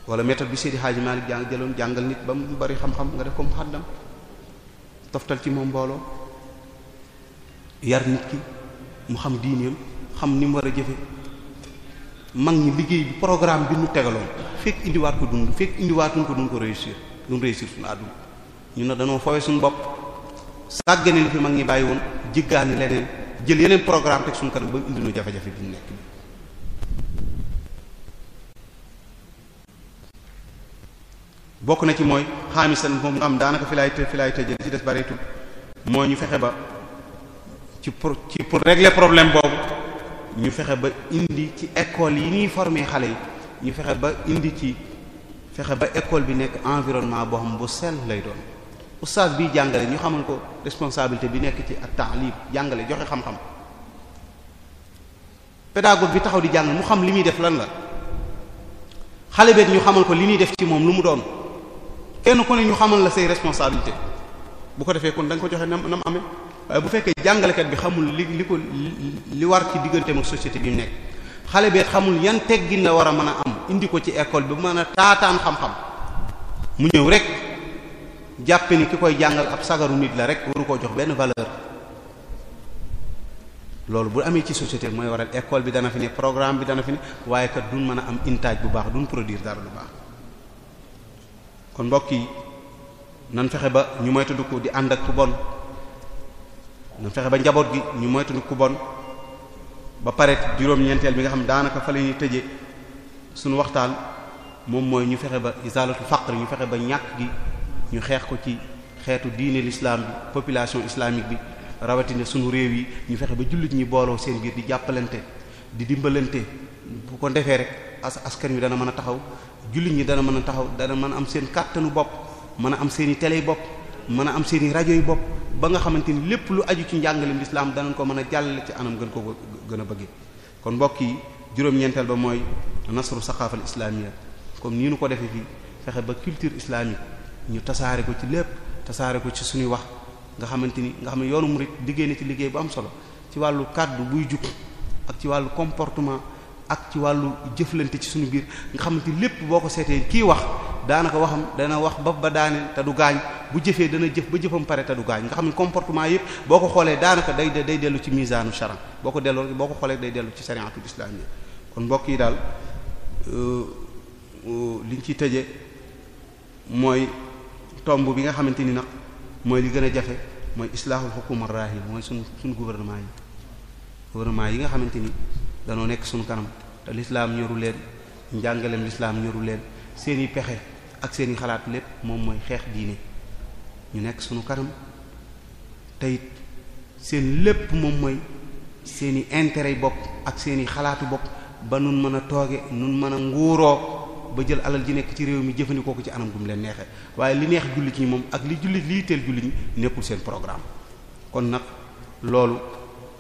wala méthode bi Seydi Hadji Malick jëloon jàngal nit ba mu bari xam-xam nga def ko muhaddam toftal ci moom mbooloo yar nit ki mu xam diineem xam ni mu war a jëfe mag ñi liggéey bi programme bi nu tegaloon fekk indiwaat ko dund fekk indiwaatuñ ko duñ ko réussir duñ réussir suñu àdduna ñu ne danoo foowe suñu bopp sàggane li fi mag ñi bàyyi woon jiggaani leneen jël yeneen programme teg suñu kanam ba indi nu jafe-jafe bi ñu nekk bokk na ci mooy xaamisan moom am daanaka fi laay fi laay tëjee ci des bareetul moo ñu fexe ba ci pour ci pour régler problème boobu ñu fexe ba indi ci école yi ñuy former xale yi ñu fexe ba indi ci fexe ba école bi nekk environnement boo xam bu sell lay doon oustaz biy jàngale ñu xamal ko responsabilité bi nekk ci ak taalib jàngale joxe xam-xam pédagogue bi taxaw di jàng mu xam li muy def lan la xale beet ñu xamal ko li ñuy def ci moom lu mu doon kenn ku ne ñu xamal la say responsabilité bu ko defee kon da ko joxe na nam amee waaye euh, bu fekkee jàngalekat bi xamul li li ko li war ci diggante ak société bi mu nekk xale bi xamul yan teggin la war a mën a am indi ko ci école bi mën a taataan xam-xam mu ñëw rek jàppe ni ki koy jàngal ab sagaru nit la rek waru koo jox benn valeur loolu bu amee ci société mooy waral école bi dana fi ne programme bi dana fi ne waaye kat duñ mën a am intaaj bu baax duñ produire dara lu baax kon mbokk yi nan fexe ba ñu moytu ko di ànd ak ku bon ñu fexe ba njaboot gi ñu moytuñu ku bon ba pare juróom-ñeenteel bi nga xam daanaka fa la ñuy tëjee suñu waxtaan moom mooy ñu fexe ba izalatu faqr ñu fexe ba ñàkk gi ñu xeex ko ci xeetu diine lislaam bi population islamique bi rawatina suñu réew yi ñu fexe ba jullit ñi booloo seen biir di jàppalante di dimbalante bu ko defee rek as askan wi dana mën a taxaw jullit ñi dana mën a taxaw dana mën a am seen kàttanu bopp mën a am seen tele télé bopp. mën a am seeni rajo yi bopp ba nga xamante ni lépp lu aju ci njàngaleem lislaam danañ ko mën a jàllale ci anam gën ko gën a bëggee kon mbokk yi juróom-ñeenteel ba mooy nasru saqaafal la comme nii nu ko defee fii fexe ba culture islamique ñu tasaare ko ci lépp tasaare ko ci suñuy wax nga xamante ni nga xam ne yoonu mu liggéey na ci liggéey bu am solo ci wàllu kàddu buy jug ak ci wàllu comportement ak ci wàllu jëflante ci suñu biir nga xamante lépp boo ko seetee kii wax daanaka waxam dana wax ba ba daane te du gaañ bu jëfee dana jëf ba jëfam pare te du gaañ nga xam ne comportement yëpp boo ko xoolee daanaka day day dellu ci misaanu charan boo ko delloo boo ko xoolee day dellu ci shariatul islam kon mbokk yi daal euh, euh, liñ ciy tëje mooy tomb bi nga xamante ni nag mooy li gën a jafe mooy islahul hukuma rahil mooy suñu suñu gouvernement yi gouvernement yi nga xamante ni danoo nekk suñu kanam te lislaam ñoru leen njàngaleem lislaam ñoru leen seeni pexe ak seeni xalaat lépp moom mooy xeex diine ñu nekk sunu kanam teyit seen lépp moom mooy seeni intere yi bopp ak seeni xalaatu bopp ba nu mën a tooge nun mën a nguuroo ba jël alal ji nekk ci réew mi jëfandikoo ci anam gum leen neexee waaye li neex jullit ñi moom ak li jullit liy teel jullit ñi nekkul seen programme kon nag loolu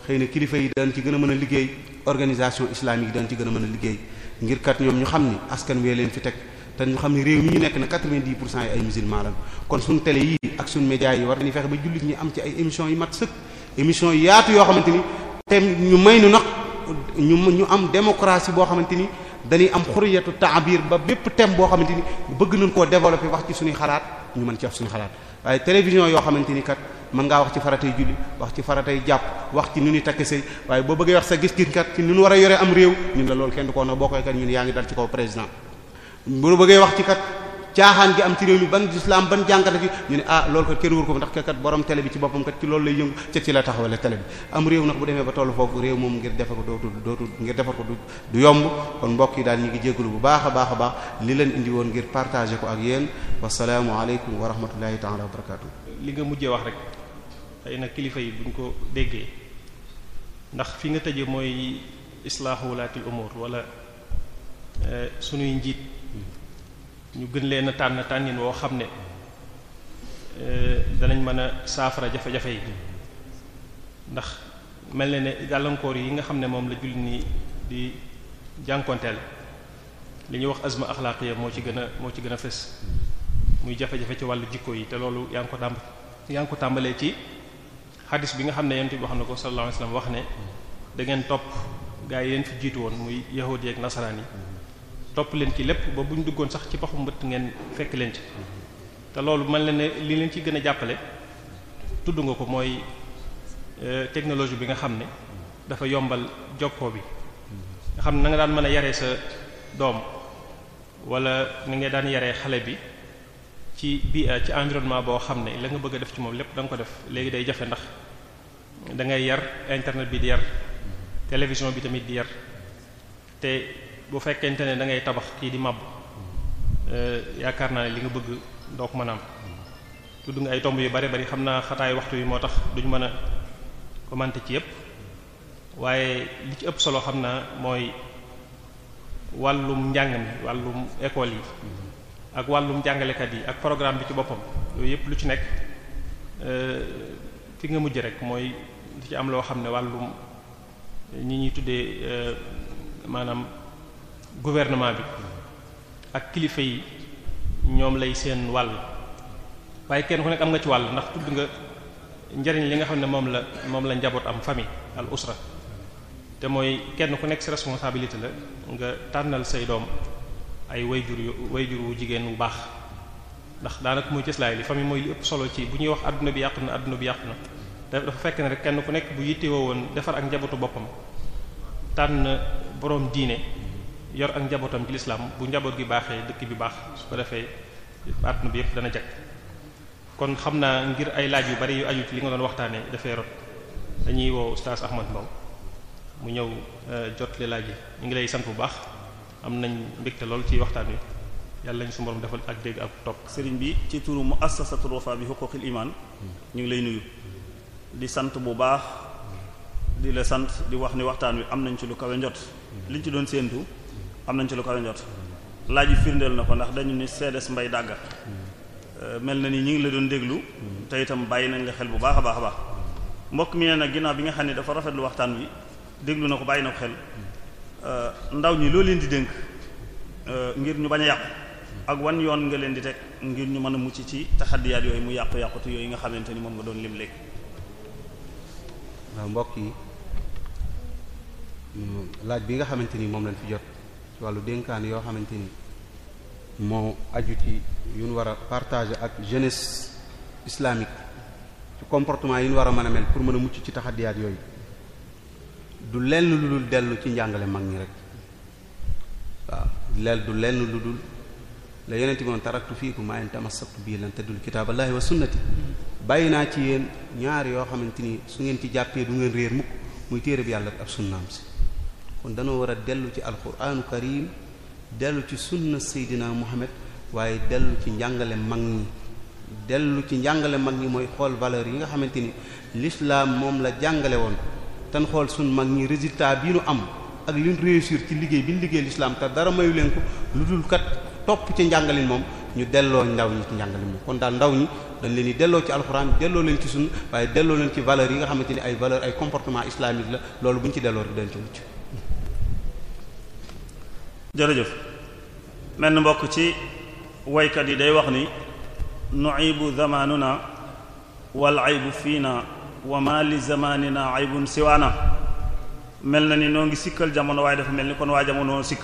xëy na kilifa yi dañ ci gën a mën a liggéey organisation islamique dañ ci gën a mën a liggéey ngir kat ñoom ñu xam ni askan wee leen fi teg te ñu xam ne réew mi ñu nekk na quatre-vingt-dix pour cent yi ay musulman lañ kon suñu télé yi ak suñu média yi war nañu fexe ba jullit ñi am ci ay émissions yu mat sëkk émissions yaatu yoo xamante ni te ñu may nu nag ñu ñu am démocratie boo xamante ni dañuy am xuriyatu ta'bir ba bépp thème boo xamante ni bëgg nañ koo développer wax ci suñuy xalaat ñu mën ci wax suñu xalaat waaye télévision yoo xamante ni kat mën ngaa wax ci faratay julli wax ci faratay jàpp wax ci nu ñuy takk sëy waaye boo bëggee wax sa gis-gis kat ci nu ñu war a yore am réew ñun la loolu ko wax boo koy kat ñun yaa bu nu bëggee wax ci kat caaxaan gi am ci réew mi ban lislaam ban jàngata fi ñu ne ah loolu ko kenn wër ko ndax kat borom télé bi ci boppam kat ci loolu lay yëngu ca ci la taxawale télé bi am réew nag bu demee ba tollu foofu réew moom ngir defar ko dootul dootul ngir defar ko du yomb kon mbokk yi daal ñu ngi jégalu bu baax a baax a baax li leen indi woon ngir partager ko ak yéen wasalaamu aleykum wa rahmatullahi taala wa barakatu li nga mujjee wax rek na kilifa yi buñ ko déggee ndax nga tëje mooy islaahu walaatil umur wala eh, suñuy njiit ñu gën leen a tànn tànnin woo xam ne euh, danañ mën a saafara jafe-jafe yi ndax mel na ne gàllankoor yi nga xam ne moom la jullit nii di jànkonteel li ñuy wax azma axlaaqiya moo ci gën a moo ci gën a fës muy jafe-jafe ci wàllu jikko yi te loolu yaa ngi ko tàmb tàmbalee ci xadis bi nga xam ne yonent bi xam ne ko sallallahu alayhi wax ne da ngeen topp gaa yi leen fi jiitu woon muy yahudi ak nasaraan yi topp leen ci lépp ba buñ duggoon sax ci paxu mbëtt ngeen fekk leen ci te loolu man la ne li leen ci gën a jàppale tudd nga ko mooy euh, technologie bi nga xam ne dafa yombal jokkoo bi nga xam ne na nga daan mën a yaree sa doom wala ni nga daan yaree xale bi ci bi euh, ci environnement boo xam ne la nga bëgg a def ci moom lépp danga ko def léegi day jafe ndax da ngay yar internet bi di yar télévision bi tamit di yar te bu fekkente ne da ngay tabax kii di màbb eh, yaakaar naa ne li nga bëgg doo ko mën tudd nga ay tomb yu bari bari xam naa xataay waxtu yi moo tax duñ mën a commenter ci yépp waaye li ci ëpp solo xam naa mooy wàllum njàng mi wàllum école yi ak wàllum jàngalekat yi ak programme bi ci boppam yooyu yépp lu ci nekk eh, fi nga mujj rek mooy lu ci am loo xam ne wàllum eh, ñi ñuy tuddee maanaam gouvernement bi ak kilifa yi ñoom lay seen wàll waaye kenn ku nekk am nga ci wàll ndax tudd nga njariñ li nga xam ne moom la moom la njaboot am famille al usra te mooy kenn ku nekk ci responsabilité la nga tànnal say doom ay wayjur yu wayjur wu jigéen wu baax ndax daanaka muy cëslaay li famille mooy li ëpp solo ci bu ñuy wax adduna bi yàqu na adduna bi yàqu na dafa fekk ne rek kenn ku nekk bu yittewoo woon defar ak njabootu boppam tànn boroom diine yor ak njabootam ci lislaam bu njaboot gi baaxee dëkk bi baax su ko defee àdduna bi yëpp dana jag kon xam naa ngir ay laaj yu bari yu aju ci li nga doon waxtaanee dafay rot dañuy woo oustaz Ahmad Mbow mu ñëw euh, jot li laaj yi ñu ngi lay sant bu baax am nañ mbégte lool ci waxtaan wi yàlla nañ su borom defal ak dégg ak topp. sëriñ bi ci turu muassasatul wafa bi huquqil imaan ñu ngi lay nuyu di sant bu baax di la sant di wax ni waxtaan wi am nañ ci lu kawe njot liñ ci doon séentu. xam nañ ci lu ko njot laaj yi firndeel na ko ndax dañu ni seedes mbay dàgga euh, mel na ni ñu ngi la doon déglu te itam bàyyi nañ la xel bu baax a baax a baax mbokk mi ne nag ginnaaw bi nga xam ne dafa rafetlu waxtaan wi déglu na ko bàyyi na ko xel euh, ndaw ñi loo leen di dénk euh, ngir ñu bañ a yàqu ak wan yoon nga leen di teg ngir ñu mën a mucc ci taxadiyaat yooyu mu yàqu-yàqutu yooyu nga xamante ni moom nga doon lim léegi waaw mbokk yi laaj bi nga xamante ni moom lañ fi jot ci wàllu dénkaan yoo xamante ni moo aju ci yu ñu war a partager ak jeunesse islamique ci comportement yi ñu a mën a mel pour mën a mucc ci taxadiyaat yooyu du lenn lu dul dellu ci njàngale mag ñi rek waaw leel du lenn lu dul la yonent bi moom taraktu fiikum maa in tamassaktu bii lan tadul kitaaballahi wa sunnati bàyyi naa ci yéen ñaar yoo xamante ni su ngeen ci jàppee du ngeen réer mukk muy téere bi yàlla ab sunnaam si kon dañoo war a dellu ci alquranu karim dellu ci sunna seydina muhammad waaye dellu ci njàngale mag ñi ci njàngale mag ñi mooy xool valeur yi nga xamante ni lislaam moom la jàngale woon tan xool sun mag ñi résultat bi nu am ak li ñu réussir ci liggéey bi ñu liggéey l'islam te dara mayu leen ko lu dul kat topp ci njàngalin moom ñu delloo ndaw ñi ci njàngalin moom kon daal ndaw ñi dañ leen di delloo ci alxuraan delloo leen ci sunna waaye delloo leen ci valeur yi nga xamante ni ay valeur ay comportement loolu bu ci delloo rek dañ jërëjëf menn mbokk ci waykat yi day wax ni nuibu zamanuna wal aybu fiina wa ma li zamanina aybun siwaana mel na ni noo ngi sikkal jamono waaye dafa mel ni kon waa jamono sikk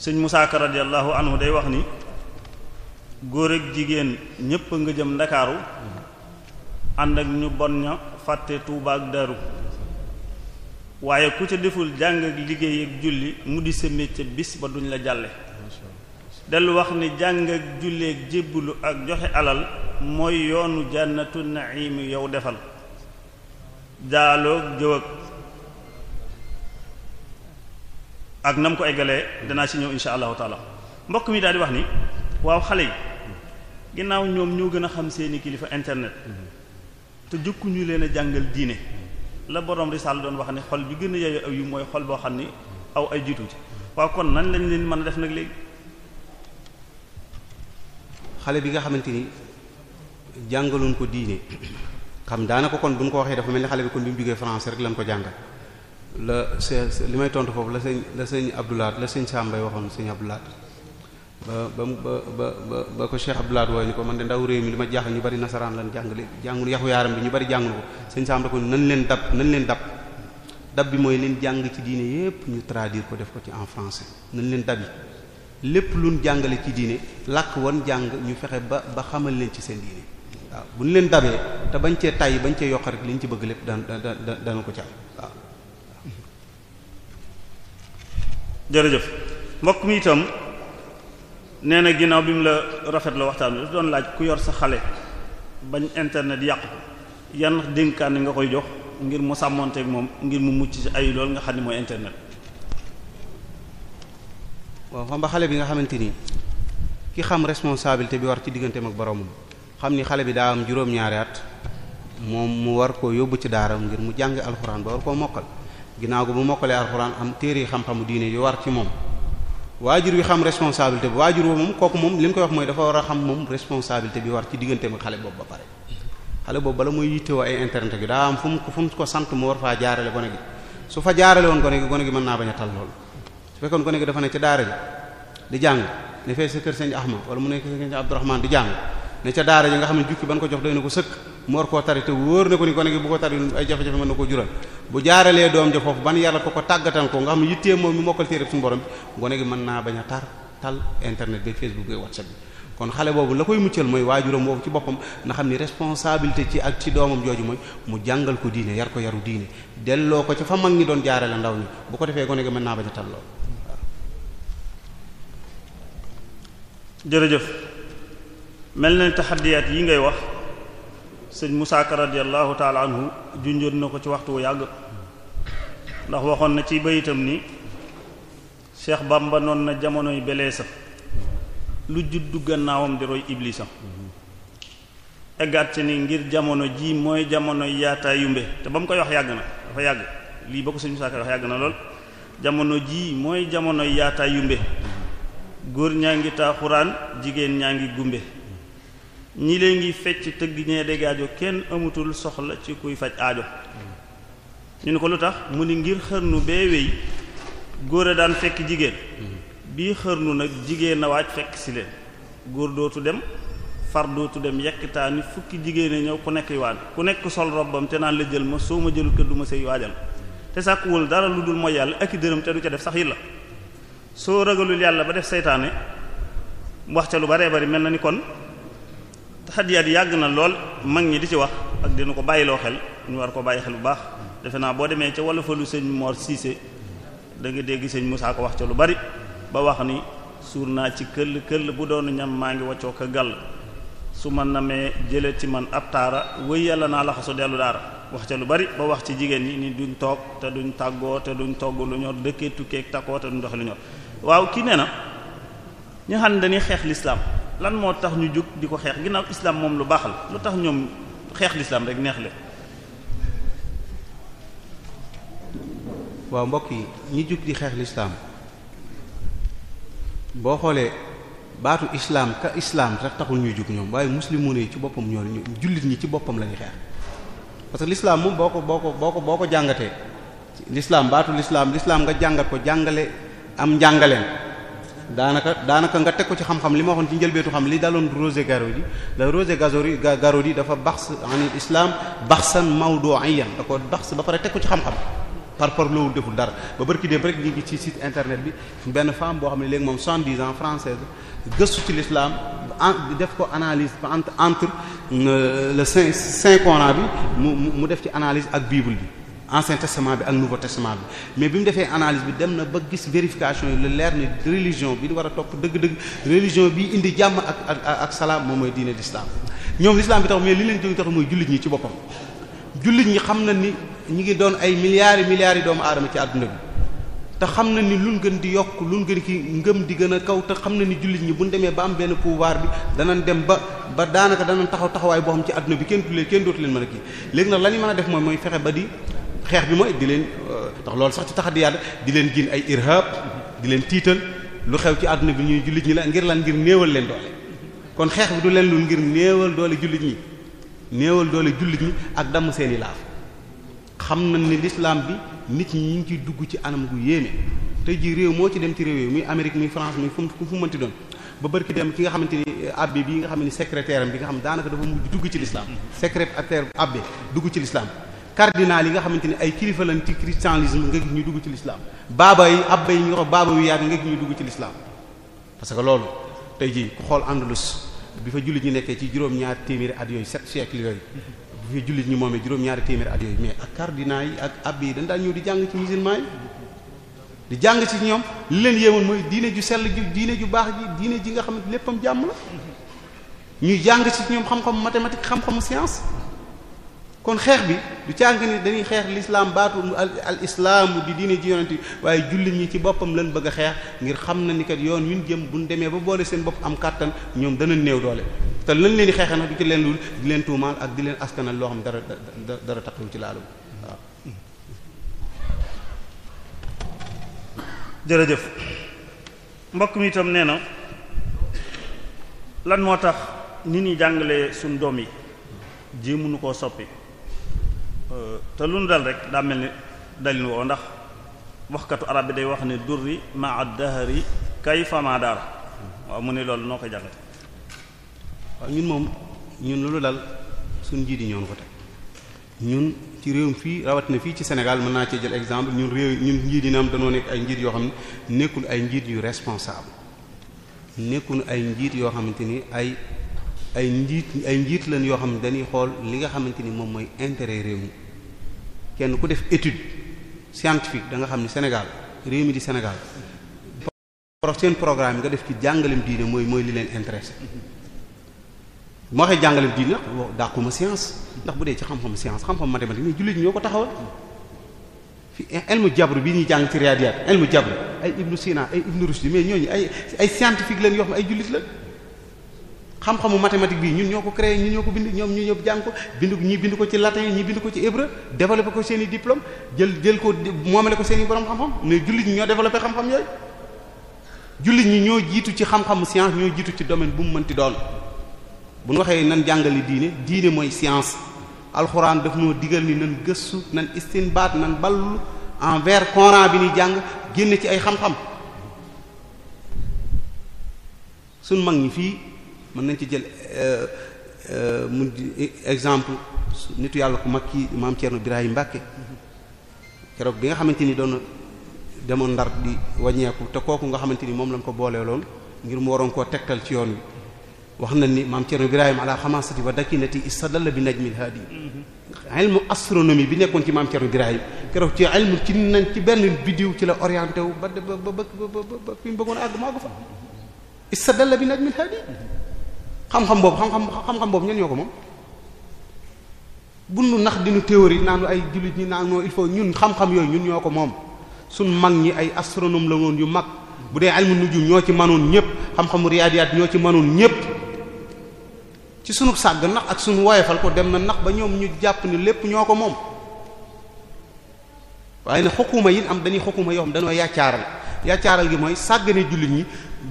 sëñ Musaa Ka radiyallahu day wax ni góor ak jigéen ñépp nga jëm ndakaaru ànd ak ñu bon ña fàtte tuubaak daru waaye ku ca deful jàng ak liggéey ak julli mu di sa métier bis ba duñ la jàlle dellu wax ni jàng ak julli ak joxe alal mooy yoonu jannatu naim yow defal jaaloog jëw ak nam ko eggalee danaa ci ñëw insha allahu taala mbokk mi daal di wax ni waaw xale yi ginnaaw ñoom ñoo gën a xam seeni kilifa internet mm-hmm. te jukku ñu leen a jàngal diine la borom risaal doon wax ne xol bi gën a yeyoo aw yu mooy xol boo xam ni aw ay jiitu ci waaw kon nan lañ leen mën a def nag léegi. xale bi nga xamante ni jàngaloon ko diine xam daanaka kon bu ñu ko waxee dafa mel ni xale bi kon bi mu jógee France rek lañ ko jàngal la li may tontu foofu la sëñ la sëñ Abdoulaat la sëñ Sambay waxoon sëñ Abdoulaat. ba ba ba ba ba ko Cheikh Abdoulaye wooye ni ko man de ndaw réew mi li ma jaaxal ñu bari nasaraan lan jàngale jàngul yaxu yaaram bi ñu bari jàngul ko sëñ Sam da ko nan leen dab nan leen dab dab bi mooy leen jàng ci diine yépp ñu traduire ko def ko ci en français nan leen dab yi lépp luñ jàngale ci diine làkk wan jàng ñu fexe ba ba xamal leen ci seen diine waaw bu ñu leen dabee te bañ cee tay bañ cee yokk rek liñ ci bëgg lépp daan da daan ko ci am nee na ginnaaw bi mu la rafetlu waxtaan bi daf doon laaj ku yor sa xale bañ internet yàq ko yan dénkaan nga koy jox ngir mu sàmmoonteeg moom ngir mu mucc si ay loolu nga xam ni mooy internet. waaw xam xale bi nga xamante ni ki xam responsabilité bi war ci digganteem ak boromam xam ni xale bi daa am juróom-ñaari moom mu war koo yóbbu ci daara ngir mu jàng alxuraan ba war koo mokkal ginnaaw gi bu mokkalee alxuraan am téere xam-xamu diine yu war ci moom. waajur wi xam responsabilité bi waajur moom kooku moom li ñu ko wax mooy dafa war a xam moom responsabilité bi war ci digganteem ak xale boobu ba pare xale boobu bala muy yittewoo ay internet bi daa am fu mu fu mu ko sant mu war faa jaarale gone gi su fa jaarale woon gone gi gone gi mën naa bañ a tal lool su fekkoon gone gi dafa ne ci daara ji di jàng ne fee sa kër sëñ Ahmad wala mu nekk sa kër sëñ Abdourahman di jàng ne ca daara ji nga xam ne jukki ban ko jox doy na ko mu war koo tari te wóor na ko ni gone gi bu ko tari ay jafe-jafe mën na ko jural bu jaaralee doom ja foofu ban yàlla ko ko tàggatan ko nga xam ne yittee moom mi mokkal téere suñu borom bi mën naa bañ a tar tal internet bi facebook bi whatsapp kon xale boobu la koy muccal mooy waajuram boobu ci boppam na xam ni responsabilité ci ak ci doomam jooju mooy mu jàngal ko diine yar ko yaru diine delloo ko ca fa mag ñi doon jaare la ndaw ñi bu ko defee gone gi mën naa bañ a tal lool jërëjëf mel na taxadiyaat yi ngay wax sëñ Moussa Ka radiyallahu taala anhu junjoon na ko ci waxtu wu yàgg ndax waxoon na ci bayitam ni Cheikh Bamba noon na jamonoy beleesa lu juddu gannaawam di roy iblisa eggaat ci ni ngir jamono jii mooy jamono yaataay yumbe te ba koy wax yàgg na dafa yàgg lii ba sëñ Moussa Ka na lool jamono ji mooy jamono yaataa yumbe góor ñaa ngi taaxuraan jigéen ñaa ngi gumbe ñi leen ngi fecc tëgg ñee dégg aajo kenn amatul soxla ci kuy faj aajo ñu ne ko lu tax mu ni ngir xërnu bee wéy góor a daan fekki jigéen bii xërnu nag jigéen a waaj fekk si leen góor dootu dem far dootu dem yekkitaani fukki jigéen a ñëw ku nekk yiwaan ku nekk sol robbam te naan la jël ma soo ma jëlu kër du ma sëy waajal te sàkkuwul dara lu dul mooy yàlla ak i dërëm te du ca def sax yit soo ragalul yàlla ba def seytaane wax ca lu baree bari mel na ni kon taxadiyaat yàgg na lool mag ñi di ci wax ak dina ko bàyyi loo xel ñu war ko bàyyi xel bu baax defe naa boo demee ca walla falu sëñ Mor Cissé da nga dégg sëñ Moussa ko wax ca lu bari ba wax ni suur naa ci këll këll bu doon ñam maa ngi waccoo ko gàll su ma namee jële ci man ab taara wëy yàlla naa laxasu dellu daara wax ca lu bari ba wax ci jigéen ñi ni duñ toog te duñ tàggoo te duñ togg lu ñor dëkkee tukkee takkoo te duñ dox lu ñor waaw kii nee na ñaxam xam dañuy xeex lislaam lan moo tax ñu jóg di ko xeex ginnaaw islam moom lu baaxal lu tax ñoom xeex lislaam rek neex le waaw mbokk yi ñu jóg di xeex lislaam boo xoolee baatu islaam ka islaam rek taxul ñuy jug ñoom waaye muslimuuna yi ci boppam ñoo ñu jullit ñi ci boppam la ñuy xeex parce que lislaam moom boo ko boo ko boo ko boo ko jàngatee lislaam baatu lislaam lislaam nga jàngat ko jàngale am njàngaleen daanaka daanaka nga teg ko ci xam-xam li ma waxoon ci njëlbeetu xam li daloon Rosé Garaudy la Rosé Garaudy Garaudy dafa baxs anil islam baxsan mawdu'iyan da ko baxs ba pare teg ci xam-xam par rapport loolu deful dara ba barki dem rek ñu ci site internet bi benn fem boo xam ne léegi moom 70 ans française gëstu ci l'islam def ko analyse entre entre euh, le saint saint Coran bi mu mu def ci analyse ak bible bi ancien testament bi ak nouveau testament bi mais bi mu defee analyse bi dem na ba gis vérification yi lu leer ni religion bi di war a topp dëgg-dëgg religion bi indi jàmm ak ak salaam moom mooy diine l'islam ñoom l'islam bi tax mais li leen jóg tax mooy jullit ñi ci boppam jullit ñi xam na ni ñu ngi doon ay milliards et milliards yi doomu aadama ci àdduna bi te xam na ni luñ gën di yokk luñ gën ki ngëm di gën a kaw te xam na ni jullit ñi bu buñ demee ba am benn pouvoir bi dem ba ba daanaka danañ taxaw taxawaay boo ci àdduna bi kenn kenn dootu leen mën a la ñu mën a def mooy mooy fexe ba di xeex bi mooy di leen euh, ndax loolu sax ci taxadiyaat di leen gin ay irhab di leen tiital lu xew ci àdduna bi ñuy jullit ñi la ngir lan ngir néewal leen doole kon xeex bi du leen lu ngir néewal doole jullit ñi néewal doole jullit ñi ak damm seeni laaf xam na ni l'islam bi nit ñi ñu ngi ciy dugg ci anam gu yéeme te ji réew moo ci dem ci réew yi muy Amérique muy France muy fu mu fu mënti doon ba barki dem ki nga xamante ni euh, abbé bi nga xam ne secrétaire am bi nga xam daanaka dafa dugg ci l'islam secrétaire abbé dugg ci l'islam cardinal yi nga xamante ni ay kilifa lañ ci christianisme nga gis ñu dugg ci lislaam baaba yi abba yi ñu wax baaba yu yaat nga gis ñu dugg ci lislaam parce que loolu tey jii ku xool Andalus bi fa jullit ñi nekkee ci juróom-ñaari téeméeri at yooyu sept siècles yooyu bi fa jullit ñi moomee juróom-ñaari téeméeri at yooyu mais ak cardinal yi ak abbe yi dañ daan ñëw di jàng ci musulman yi di jàng ci ñoom li leen yéemoon mooy diine ju sell ji diine baax ji ji nga xamante léppam jàmm la ñuy jàng ci ñoom xam-xam mathématique xam-xamu science kon xeex bi du càng ni dañuy xeex lislaam baatu al islaamu di diine ji yonent waaye jullit ñi ci boppam lañ bëgg a xeex ngir xam na ni kat yoon wi ñu jëm buñ demee ba boole seen bopp am kàttan ñoom dana néew doole te lan leen di xeexee na du ci leen lul di leen tuumaal ak di leen askanal loo xam dara dara ci laalu waaw. jërëjëf mbokk mi itam nee na lan moo tax nit ñi jàngalee suñ doom yi jéemuñu koo soppi. te lu nu dal rek daa mel ni dalin woo ndax waxkatu arab bi day wax ne durri ma addahari kay fama daara waaw mu ne loolu noo ko jàngat waaw ñun moom ñun lu dal suñ njiit yi ñoon ko teg ñun ci réewum fii rawat na fii ci Sénégal mën naa cee jël exemple ñun réew ñun njiit yi naam dañoo nekk ay njiit yoo xam ne nekkul ay njiit yu responsable nekkul ay njiit yoo xamante ni ay ay njiit ay njiit lan yoo xam ne dañuy xool li nga xamante ni moom mooy intérêt réew mi kenn ku def étude scientifique da nga xam ne Sénégal réew mi di Sénégal seen programme nga def ci jàngalem diine mooy mooy li leen intéressé moo waxee jàngalem diine nag dàquma science ndax bu dee ci xam-xam science xam-xam mathématique mais jullit ñoo ko taxawal fi elmu jabru bi ñuy jàng ci Riyadiyat elmu jabru ay Ibnu Sina ay Ibnu Rushd mais ñooñu ay ay scientifique lañ yoo xam ay jullit la xam-xamu mathématique bi ñun ñoo ko créé ñun ñoo ko bind ñoom ñoo ñëpp jàng ko bind ñi bind ko ci latin ñi bind ko ci hébreu développé ko seen i diplôme jël jël ko moomale ko seen i borom xam-xam mais jullit ñi ñoo développé xam-xam yooyu jullit ñi ñoo jiitu ci xam-xamu science ñoo jiitu ci domaine bu mu mënti doon bu ñu waxee nan jàngale diine diine mooy science alxuraan daf noo digal ni nan gëstu nan istinbaat nan ballu envers Coran bi ni jàng génn ci ay xam-xam suñ mag mën nañ ci jël mu exemple nitu yàlla ku mag kii maam Thierno Birahim Mbacke keroog bi nga xamante ni doon demoon ndar di wàññeeku te kooku nga xamante ni moom lañ ko booleeloon ngir mu waroon koo tegtal ci yoon wi wax nañ ni maam Thierno Birahim ala xamaasati wa dakinati istadalla bi najmil haadi ilmu astronomie bi nekkoon ci maam Thierno Birahim keroog ci ilmu ci nañ ci benn biddiw ci la orienté wu ba ba ba ba ba fi mu bëggoon àgg mu àgg xam-xam boobu xam-xam xam-xam boobu ñen ñoo ko moom bu nu nax dina théorie naa lu ay jullit ñi naan noo il faut ñun xam-xam yooyu ñun ñoo ko moom suñ mag ñi ay astronome la woon yu mag bu dee almu nujum ñoo ci manoon ñëpp xam-xamu riyaadiyaat ñoo ci manoon ñëpp ci sunu sàgg nax ak sunu woyefal ko dem na ndax ba ñoom ñu jàpp ni lépp ñoo ko moom waaye ne xukuma yi am dañuy xukuma yoo xam dañoo yaccaaral yaccaaral gi mooy sàggane jullit ñi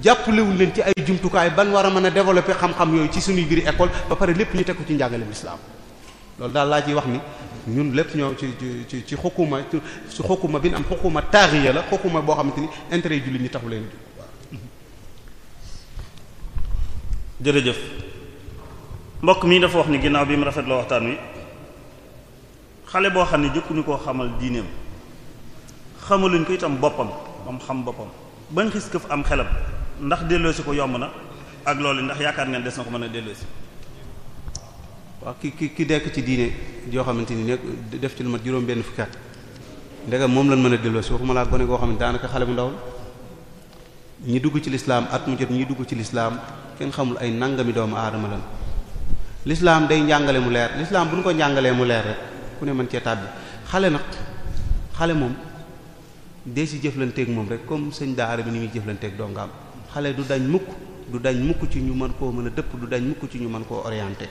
jàppalewuñ leen ci ay jumtukaay ban war a mën a développer xam-xam yooyu ci suñuy biir école ba pare lépp ñu teg ko ci njàngaleem lislaam loolu daal laa ciy wax ni ñun lépp ñoo ci ci ci xukuma ci xukuma bi ñu am xukuma taariya la xukuma boo xamante ni intérêt jullit ñi taxu leen jërëjëf mbokk mi dafa wax ginnaaw bi mu rafet la waxtaan wi xale boo xam ne jëkkuñu koo xamal diineem luñ ko itam boppam ba xam boppam bañ xis këf am xelam ndax delloosi ko yomb na ak loolu ndax yaakaar ngeen des na ko mën a delloosi waaw ki ki ki dekk ci diine joo xamante ni nekk def ci lu ma juróom benn fukki at moom lañ mën a delloosi ma laa gone goo xam ne daanaka xale bu ndaw la ñi dugg ci lislaam at mu jot ñi dugg ci lislaam kenn xamul ay nangami doomu aadama lan lislaam day njàngale mu leer lislaam bu ñu ko njàngalee mu leer rek ku ne mën cee taat bi xale nag xale moom dee si jëflanteeg moom rek comme sëñ daara bi ni muy jëflanteeg dongaam xale du dañ mukk du dañ mukk ci ñu mën koo mën a dëpp du dañ mukk ci ñu man koo orienté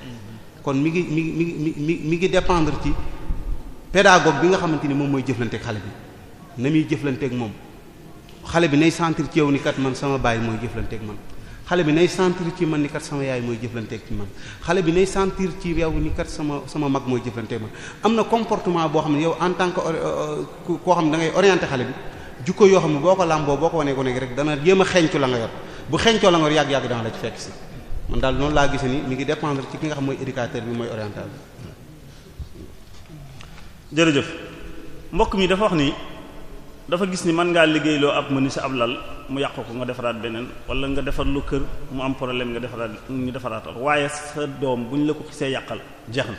kon mi ngi mi ngi mi mi mi ngi dépendre ci pédagogue bi nga xamante ni moom mooy jëflanteeg xale bi na muy jëflanteeg moom xale bi nay sentir ci ni kat man sama baay mooy jëflanteeg man xale bi nay sentir ci man ni kat sama yaay mooy jëflanteeg ci man xale bi nay sentir ci yow ni kat sama sama mag mooy jëflanteeg man am na comportement boo xam ne yow en tant que euh, euh, koo xam ne da ngay xale bi jukko yoo xam ne boo ko làmboo boo ko wanee ko nekk rek dana jéem a xeeñcu la nga yor bu xeeñcoo la nga yor yàgg-yàgg dana la ci fekk si man daal noonu laa gisee ni mi ngi dépendre ci ki nga xam mooy éducateur bi mooy oriental jërëjëf mbokk mi dafa wax ni dafa gis ni mën ngaa liggéey liggéeyloo ab mëni si ab lal mu yàq ko nga defaraat beneen walla nga defar lu kër mu am problème nga defaraat ñu defaraatal waaye sa doom bu ñu la ko xisee yàqal jeex na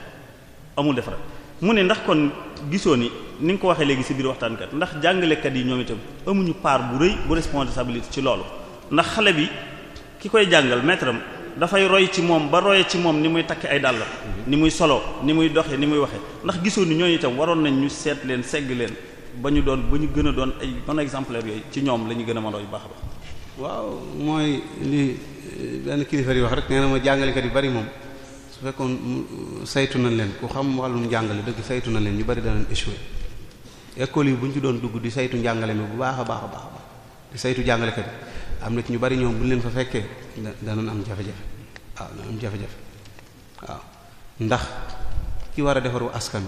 amul defaraat mu ne ndax kon gisoo ni ni nga ko waxee léegi si biir waxtaankat ndax jàngalekat yi ñoom itam amuñu part bu rëy bu responsabilité ci loolu ndax xale bi ki koy jàngal maître am dafay roy ci moom ba roye ci moom ni muy takk ay dàllam mhm. ni muy solo ni muy doxee ni muy waxee ndax gisoo ni ñooñu itam waroon nañ ñu seet leen segg leen ba ñu doon ba ñu gën doon ay bon exemplaire yooyu ci ñoom la ñu gën a mën roy baax ba waaw mooy li eh, benn kilifa di wax rek nee na ma jàngalekat yu bari moom su fekkoon saytu nañ leen ku xam wàllum njàngale dëgg saytu na leen ñu bari danañ échoué école yi bu ñu ci doon dugg di saytu njàngale mi bu baax a baax a baax di saytu jàngalekat am na ci ñu bari ñoom bu leen fa fekkee danañ am jafe-jafe waaw ndax ki war a defaru askan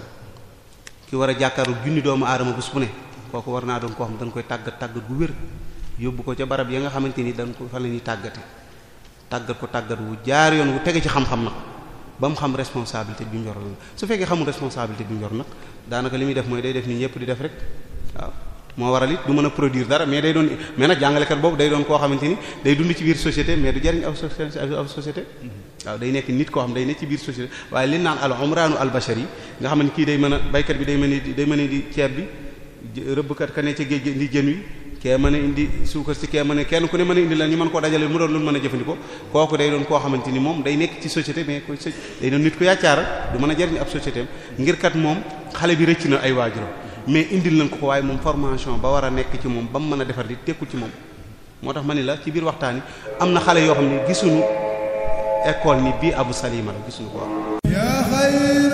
ki war a jàkkaaru junni doomu aadama bés bu ne kooku war naa doon koo xam dañ koy tàggat tàggat gu wér yóbbu ko ca barab yi nga xamante ni dañ ko fa la ñuy tàggate tàggat ko tàggat wu jaar yoon wu tege ci xam-xam na ba mu xam responsabilité bi mu yor la su fekkee xamul responsabilité bi mu yor nag daanaka li muy def mooy day def ni ñëpp di def rek waaw moo waral it du mën a produire dara mais day doon mais nag jàngalekat boobu day doon koo xamante ni day dund ci biir société mais du jariñ aw société waaw day nekk nit koo xam day nekk ci biir société waaye li naan al umraanu al bashari nga xam ne kii day mën a baykat bi day mën di day mën di ceeb bi rëbbkat ne ca géej di jën wi kee mën a indi suukar si kee mën a kenn ku ne mën a indi la ñu mën koo dajale mu doon lu mën a jëfandikoo kooku day doon koo xamante ni moom day nekk ci société mais koy day doon nit ku yaacaara du mën a jariñ ab société ngir kat moom xale bi rëcc na ay waajuram mais indil nañ ko ko waaye moom formation ba war a nekk ci moom ba mu mën a defar di tekkul ci moom moo tax ma ni la ci biir waxtaan am na xale yoo xam ne gisuñu école ni bii Abu Salima la gisuñu ko